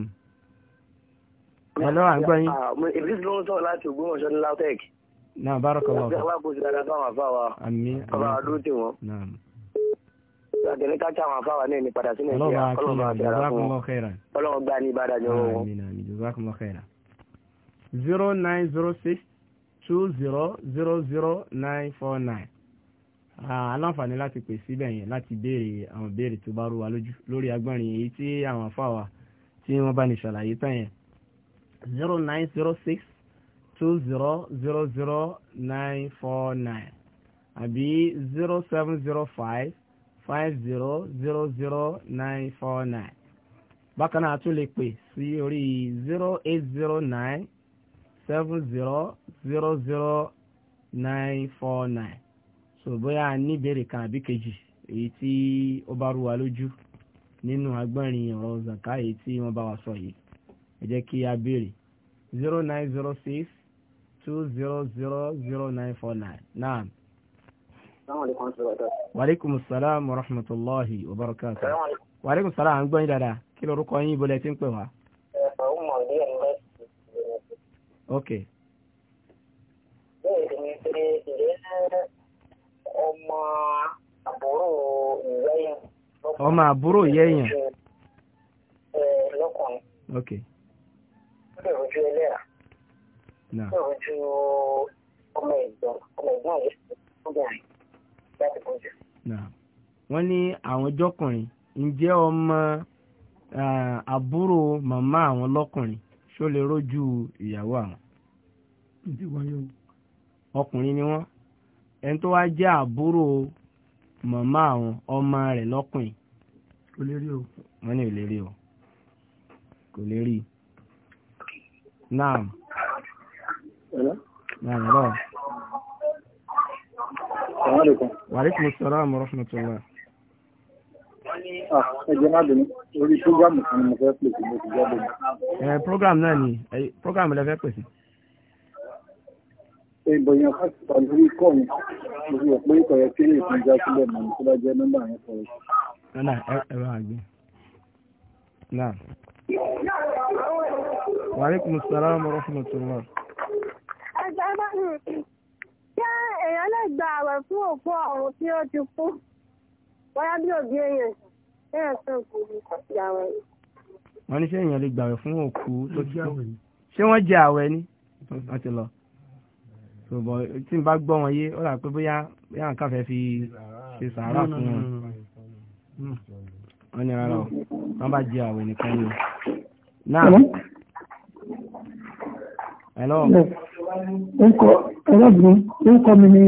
hello à ń gbọ́ yín. ibi tí ló ń sọ̀rọ̀ láti Ògbómọ̀ṣọ́ ní LAUTECH. naam barakallahu. ọ̀gá wa kò sí dáadáa fáwọn afáwa. àmín àmín. ọba àdó tì wọ́n. naam àtẹ̀lé ká tí àwọn afáwà náà ní padà sí nàìjíríà ọlọ́run bá ti ara fún wọn ọlọ́run gbá ní ìbàdàn jọ wọn. zero nine zero six two zero zero zero nine four nine aláǹfààní láti pè síbẹ̀ yẹn láti béèrè àwọn béèrè tó bá rú wa lójú lórí agbọ́nrin èyí tí àwọn afáwà tí wọ́n bá ní ṣàlàyé tán yẹn zero nine zero six two zero zero zero nine four nine àbí zero seven zero five. five zero zero zero nine four nine bákan náà tún lè pè sí orí zero eight zero nine seven zero zero zero nine four nine so bóyá a kan àbí kejì èyí tí ó bá rú wa lójú nínú agbọ́nrin ọ̀rọ̀ zaka èyí tí wọ́n bá wa sọ yìí ẹ zero nine zero السلام عليكم ورحمة الله وعليكم السلام ورحمة الله وبركاته السلام عليكم وعليكم السلام عن قوين دادا كيلو روكو عيني بوليتين قوها أم أوكي أم برو يين أم برو أوكي نعم wọ́n ní àwọn jọkùnrin ǹjẹ́ ọmọ àbúrò màmá àwọn lọ́kùnrin ṣó lè rójú ìyàwó àwọn. ọkùnrin ni wọ́n ẹni tó wá jẹ́ àbúrò màmá àwọn ọmọ rẹ̀ lọ́kùnrin. kò lè rí o. wọ́n ní o kò lè rí i. naam. naam Wàlékùn sàlámù rọ́fùnàtàlá. Ẹjẹ́ má bínú, orí prógrámù kan ni mo fẹ́ pèsè mo ti jáde. Ẹ prógrámù náà ni, prógrámù lẹ fẹ́ pèsè. Ṣé ìbọ̀yàn pásítọ̀ lórí Mo fi hàn pé ìkọ̀yẹ́ tí lè fi já sílẹ̀ mọ̀ ní tó bá jẹ́ nọ́mbà yẹn sọ̀rọ̀. Nà ẹ bá gbé. Nà. Wàlékùn sàlámù rọ́fùnàtàlá. gba àwẹ̀ fún òkú ọ̀run tí ó ti kú bóyá bí òbí èèyàn èèyàn tó kù gbàwẹ̀. wọ́n ní ṣé èèyàn lè gbàwẹ̀ fún òkú tó ti kú ṣé wọ́n jẹ àwẹ̀ ni wọ́n ti lọ ṣùgbọ́n tí n bá gbọ́ wọn yé ó rà pé bóyá bóyá nǹkan fẹ́ fi ṣe sàárà fún wọn wọ́n ní rárá o wọ́n bá jẹ àwẹ̀ nìkan ni o. náà hello. orúkọ ẹlẹ́gbẹ̀ẹ́ orúkọ mi ni.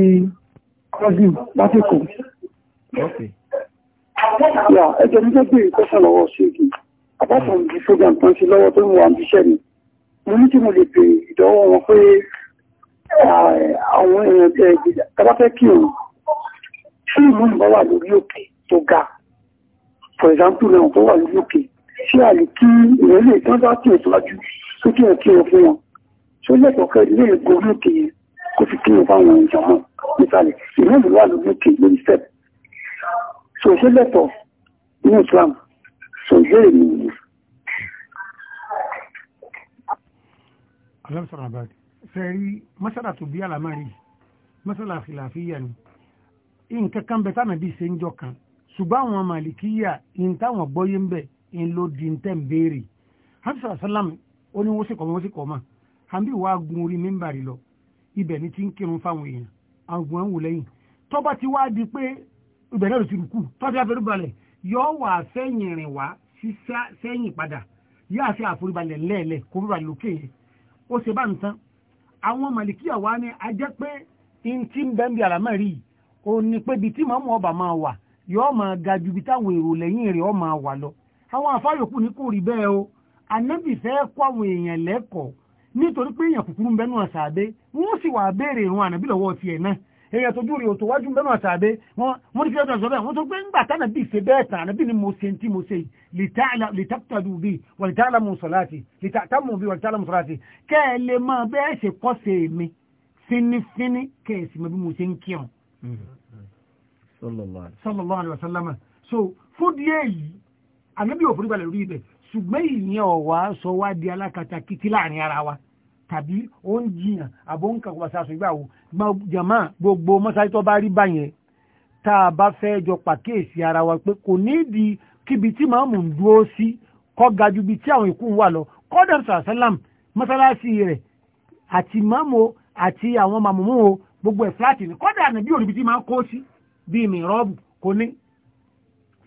Brazil lásìkò. Yà ẹjọ́ ní gbé ìkọ́sọ̀ lọ́wọ́ ṣéèkì. Apáṣọ ní program tó ń ṣe lọ́wọ́ tó ń wà níṣẹ́ ni. Mo ní kí mo lè bèèrè ìdánwò wọn pé eh, àwọn èèyàn tẹ tabafẹ́ kí òun tí ìlú ìbá wà lórí òkè tó ga. For example, náà tó wà lórí òkè ṣé a lè kí ìrẹ́lẹ̀ tó bá tiẹ̀ síwájú tó tiẹ̀ tiẹ̀ fún wọn. Ṣé lẹ́kọ̀ọ́ kẹ́ ilé ìgbóhùn òkè yẹn? kó sì kírun fáwọn èèyàn náà nísàlẹ̀ ìmáàmù wà lórí òkè lórí step so ṣé lẹ́tọ̀ ní Islam so ìbéèrè mi nìyí. alámsọ̀rọ̀ àbáàdì fẹ́ẹ́rí mọ́sálà tó bí àlámárì mọ́sálà àfìlàfíyà ni nǹkan kan bẹ táwọn ẹbí ṣe ń jọ kan ṣùgbọ́n àwọn màlìkíyà ń táwọn gbọ́yé ń bẹ̀ ń lo dìntẹ́ ń béèrè hafisa salam ó ní wọ́n sì kọ́ mọ́ wọ́n sì kọ́ mọ́ hamdi wàá gun orí mímbàrí lọ ibẹ̀ ni ti ń kírun fáwọn èèyàn àwọn ń wò lẹ́yìn tó bá ti wá di pé ibẹ̀ náà ló ti rùkú tó ti afẹ́rú balẹ̀ yọ wà sẹ́yìn rìn wá sẹ́yìn padà yóò àṣẹ àforíbalẹ̀ lẹ́ẹ̀lẹ̀ kó rúra lókè yẹn ó ṣe bá ń tán àwọn màlìkíyà wá ní a jẹ́ pé in ti ń bẹ́ẹ̀ bí àlámẹ́rí ò ní pé bí tí màmú ọba máa wà yọ máa ga ju bí táwọn èrò lẹ́yìn rẹ̀ ọ máa wà lọ àwọn àfáyòkù ní kò rí bẹ́ẹ̀ o ànábì fẹ́ kọ́ àwọn èèyàn lẹ́kọ̀ọ́ nítorí pé èèyàn kúkúrú ń bẹnu àṣàbẹ wọn sì wà béèrè ìrún ànàbí lọ́wọ́ tiẹ̀ náà èèyàn tó dúró òtò wájú ń bẹnu àṣàbẹ wọn ní kí ọjọ́ ìṣọ́bẹ̀ wọn tó pé ńgbà tánà bí ṣe bẹ́ẹ̀ tàn ànàbí ni mo ṣe ti mo ṣe lìtàtàdù bí wà lìtàlámù sọ̀láàtì lìtàtàmù bí wà lìtàlámù sọ̀láàtì kẹ́ ẹ lè máa bẹ́ẹ̀ ṣe kọ́ ṣe mi fínífíní kẹ́ ẹ sì mọ bí mo ṣe ń kírun. sallallahu alaihi wasallam so fún díẹ̀ yìí ànàbí òfurufú ṣùgbọ́n ìyẹn ọ̀wá sọ wá di alákatakítí láàrin ara wa tàbí ó ń jiyàn àbó ń kàkọ́ sàṣọ ìgbà wo jàmá gbogbo mọ́sáájú tó bá rí báyẹn tá a bá fẹ́ jọ pàkíyèsí ara wa pé kò ní di kíbi tí màmú ń dúró sí kọ́ ga ju bi tí àwọn ìkú wà lọ kọ́dà sàṣálàm mọ́sálásí rẹ̀ àti màmú àti àwọn màmúmú o gbogbo ẹ̀ fúláàtì ni kọ́dà àná bí òrìbí tí máa kó sí bíi mìíràn kò ní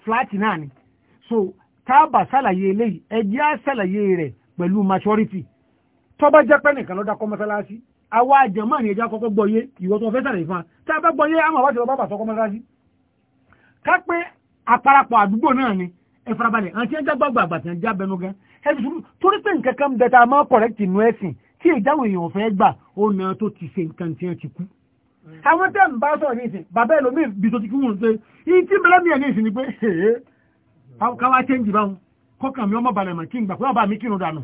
fúláàtì náà ni so táàbà sàlàyé eléyìí ẹjẹ́ á sàlàyé rẹ̀ pẹ̀lú maturity tó jẹ́ pé nìkan lọ́dá kọ́ mọ́sálásí àwa àjẹmọ́ ni ẹjẹ́ àkọ́kọ́ gbọ́yé ìwọ tó fẹ́ sàlàyé fún wa tá a bá gbọ́yé àmọ́ àwájọ bá bàtọ́ kọ́ mọ́sálásí. ká pé àparapọ̀ àdúgbò náà ni ẹ farabalẹ̀ àti ẹjẹ́ gbàgbà àgbàtì ẹjẹ́ abẹnugan ẹ ti sùn torí pé nǹkan kan bẹ tá a máa correct inú ẹ̀sìn tí ìjáwọ̀ èèyàn fẹ́ gbà ó na tó ti ṣe nǹkan tí ti kú. àwọn tẹ́ ń bá sọ̀rọ̀ ní ìsìn bàbá ẹlòmíì bí tó ti kú wọn pé ìtì mẹ́lẹ́mìí ẹ̀ ní ìsìn ni pé káwá chẹ́ǹjì bá wọn kọ́kàn mi ọmọ balẹ̀ mọ̀ kí n gbà pé ọba mi kírun dànù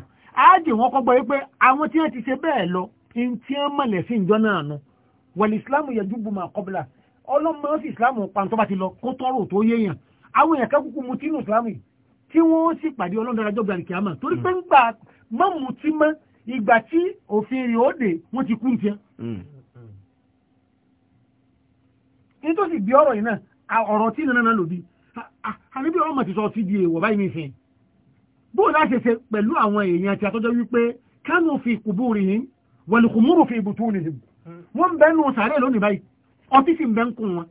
ájì wọn kọ́ gbọ́ pé àwọn tí wọ́n ti ṣe bẹ́ẹ̀ lọ tí wọ́n mọ̀lẹ̀ sí ìjọ náà nù wọ̀lì ìsìláàmù yẹ júbù máa kọ́bìlà ọlọ́mọ sí ìsìláàmù pàǹtọ́ bá ti lọ kó tọ́rọ tó yéèyàn àwọn èèyàn kẹ́kùkù mu tínú ìsìláàmù yìí tí wọ́n sì pàdé ọlọ́dọ̀rẹ́jọ́ gbàlìkì àmà torí pé ń gbà mọ́ mu tí mọ́ ìgbà tí òfin rè ó dé wọ́n ti àníbí ọmọ ti sọ ti di èèwọ̀ báyìí nìsín bóò láti ṣe pẹ̀lú àwọn èèyàn àti àtọ́jọ́ wípé kánú fi kùbú rí yín wẹ̀lùkùmúrù fi ibùtú nìyí wọ́n ń bẹ́nu sàárè lónìí báyìí ọtí sì ń bẹ́ ń kún wọn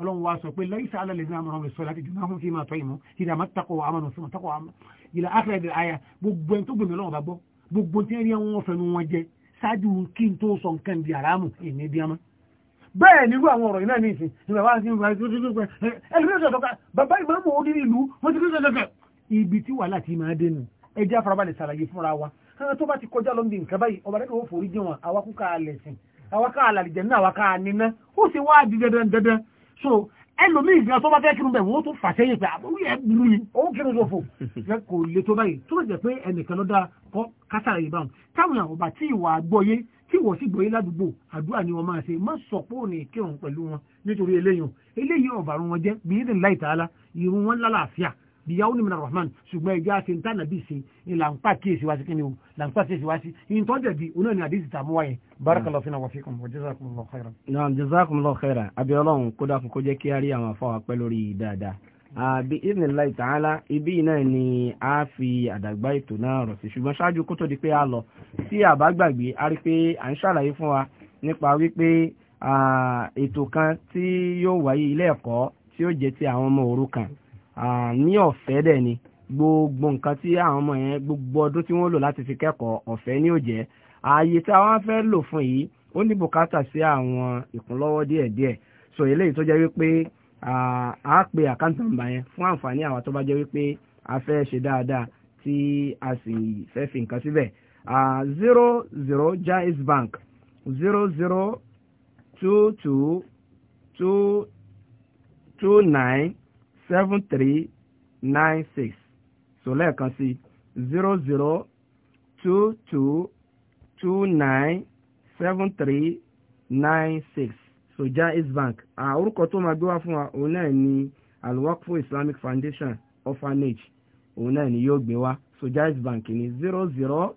ọlọ́run wa sọ pé lẹ́yìn alẹ́ lè ní àmọ́ ọmọ ìsọ̀rọ̀ láti jùlọ fún ìmọ̀ ìmọ̀ ìdá máa takọ̀ àmọ́ fún takọ̀ àmọ́ ìlà ákẹ́rẹ́ àyà gbogbo ẹni tó gbèmí ọlọ́run bá gbọ́ gbogbo tí wọ́n rí àwọn ọ̀fẹ́ nu wọn jẹ ṣáájú kí n tó sọ nǹkan di àrámù ìní bí a máa bẹ́ẹ̀ nírú àwọn ọ̀rọ̀ iná ní ìsìn ìgbà wá sí ìgbà tó tó tó ẹlùmí ọ̀tọ̀ kan bàbá ìmọ̀mù ó ní ìlú mo ti tó tó ibi tí wàhálà ti máa dénú ẹjẹ́ afarabalẹ̀ ṣàlàyé fúnra wa ẹni tó bá ti kọjá lọ́ndì nǹkan báyìí ọba rẹ̀ ó forí jẹun àwakúkà lẹ̀sìn àwakà àlàlìjẹ̀ náà àwakà níná ó sì wá di dandan dandan so ẹlòmí ìgbà tó bá fẹ́ kírun bẹ̀ wọ́n tó fà sẹ́yìn pé àwọn yẹn lu yìí ó kírun sọ̀fọ̀ <laughs> kò le tó báyìí tó lè jẹ́ pé ẹnìkan lọ́dà kọ́ kásàrẹ̀ báwọn táwọn àwọn bá ìwà àgbọ́yé tí wọ́n sì gbòye ládùúgbò àdúrà ni wọ́n máa ṣe má sọ pé òní kírun pẹ̀lú wọn nítorí eléyìí eléyìí ọ̀bàrún wọn jẹ́ bìyìn láì tààlà ìrun wọn lálàáfíà bìyàwó ni mìíràn rahman ṣùgbọ́n ẹja ṣe ń tànà bí ṣe ìlà ń pa kíyèsí wá sí kí ni o là ń pa kíyèsí wá sí ìyìn tó jẹ̀bi òun ni àdéhùn tà mú wáyé. barakallahu fina wa fikum wa jazakumullahu khairan. naam jazakumullahu khairan abiyọlọ́run kódà kó jẹ́ kí a rí àwọn afọ àpẹ lórí dáadáa àbí ìrìnlá ìtàhálà ibi náà ni a fi àdàgbà ètò náà rọ̀ sí ṣùgbọ́n ṣáájú kó tó di pé a lọ tí a bá gbàgbé a rí pé à ń ṣàlàyé fún wa nípa wípé ètò kan tí yóò wáyé ilé ẹ̀kọ́ tí ó jẹ́ ti àwọn ọmọ òrukàn ní ọ̀fẹ́ dẹ̀ ni gbogbo nǹkan tí àwọn ọmọ yẹn gbogbo ọdún tí wọ́n lò láti fi kẹ́kọ̀ọ́ ọ̀fẹ́ ní òjẹ́ ààyè tí àwọn fẹ́ lò fún yìí ó ní bùkátà sí àwọn ìkúnlọ́wọ́ díẹ̀díẹ̀ so eléyìí tó jẹ́ wípé a pe àkáǹtì nọ́mbà yẹn fún àǹfààní àwọn tó bá jẹ́ wípé a fẹ́ ṣe dáadáa tí a sì fẹ́ fi nǹkan síbẹ̀ zero zero jaiz bank zero zero two two two two nine seven three nine six so lẹ́ẹ̀kan sí zero zero two two two nine seven three nine six. Sojai's Bank orúkọ tó máa gbé wá fún wa òun náà ni alwakfo Islamic Foundation orphanage òun náà ni yóò gbé wá so Bank ni zero zero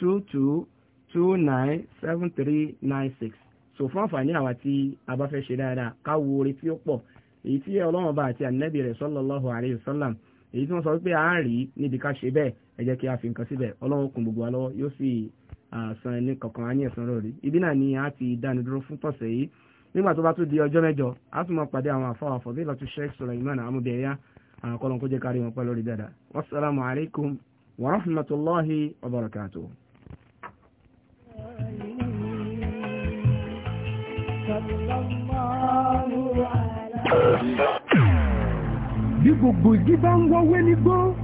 two two two nine seven three nine six so fún àǹfààní àwa tí a bá fẹ́ ṣe dáadáa ká wo orí tí ó pọ̀ èyí tí ọlọ́run bá àti ànábì rẹ̀ sallallahu alayhi wa sallam èyí tí wọ́n sọ wípé à ń rí níbi ká ṣe bẹ́ẹ̀ ẹ jẹ́ kí a fi nǹkan síbẹ̀ ọlọ́run kún gbogbo wa lọ́wọ́ yóò sì san ní kankan á ní ẹ̀san lórí ibi náà ni a ti dáni fún tọ̀sẹ̀ yìí nígbà tó bá tún di ọjọ́ mẹ́jọ a tún máa pàdé àwọn àfáà fadilatu Sheikh Sulaiman Amúbẹ̀yà àwọn kọ́lọ̀ kó jẹ́ kárí wọn pẹ́ lórí dáadáa wasalaamu alaykum wa rahmatulahi wa barakatuh. bí gbogbo igi bá ń wọ́wé nígbó.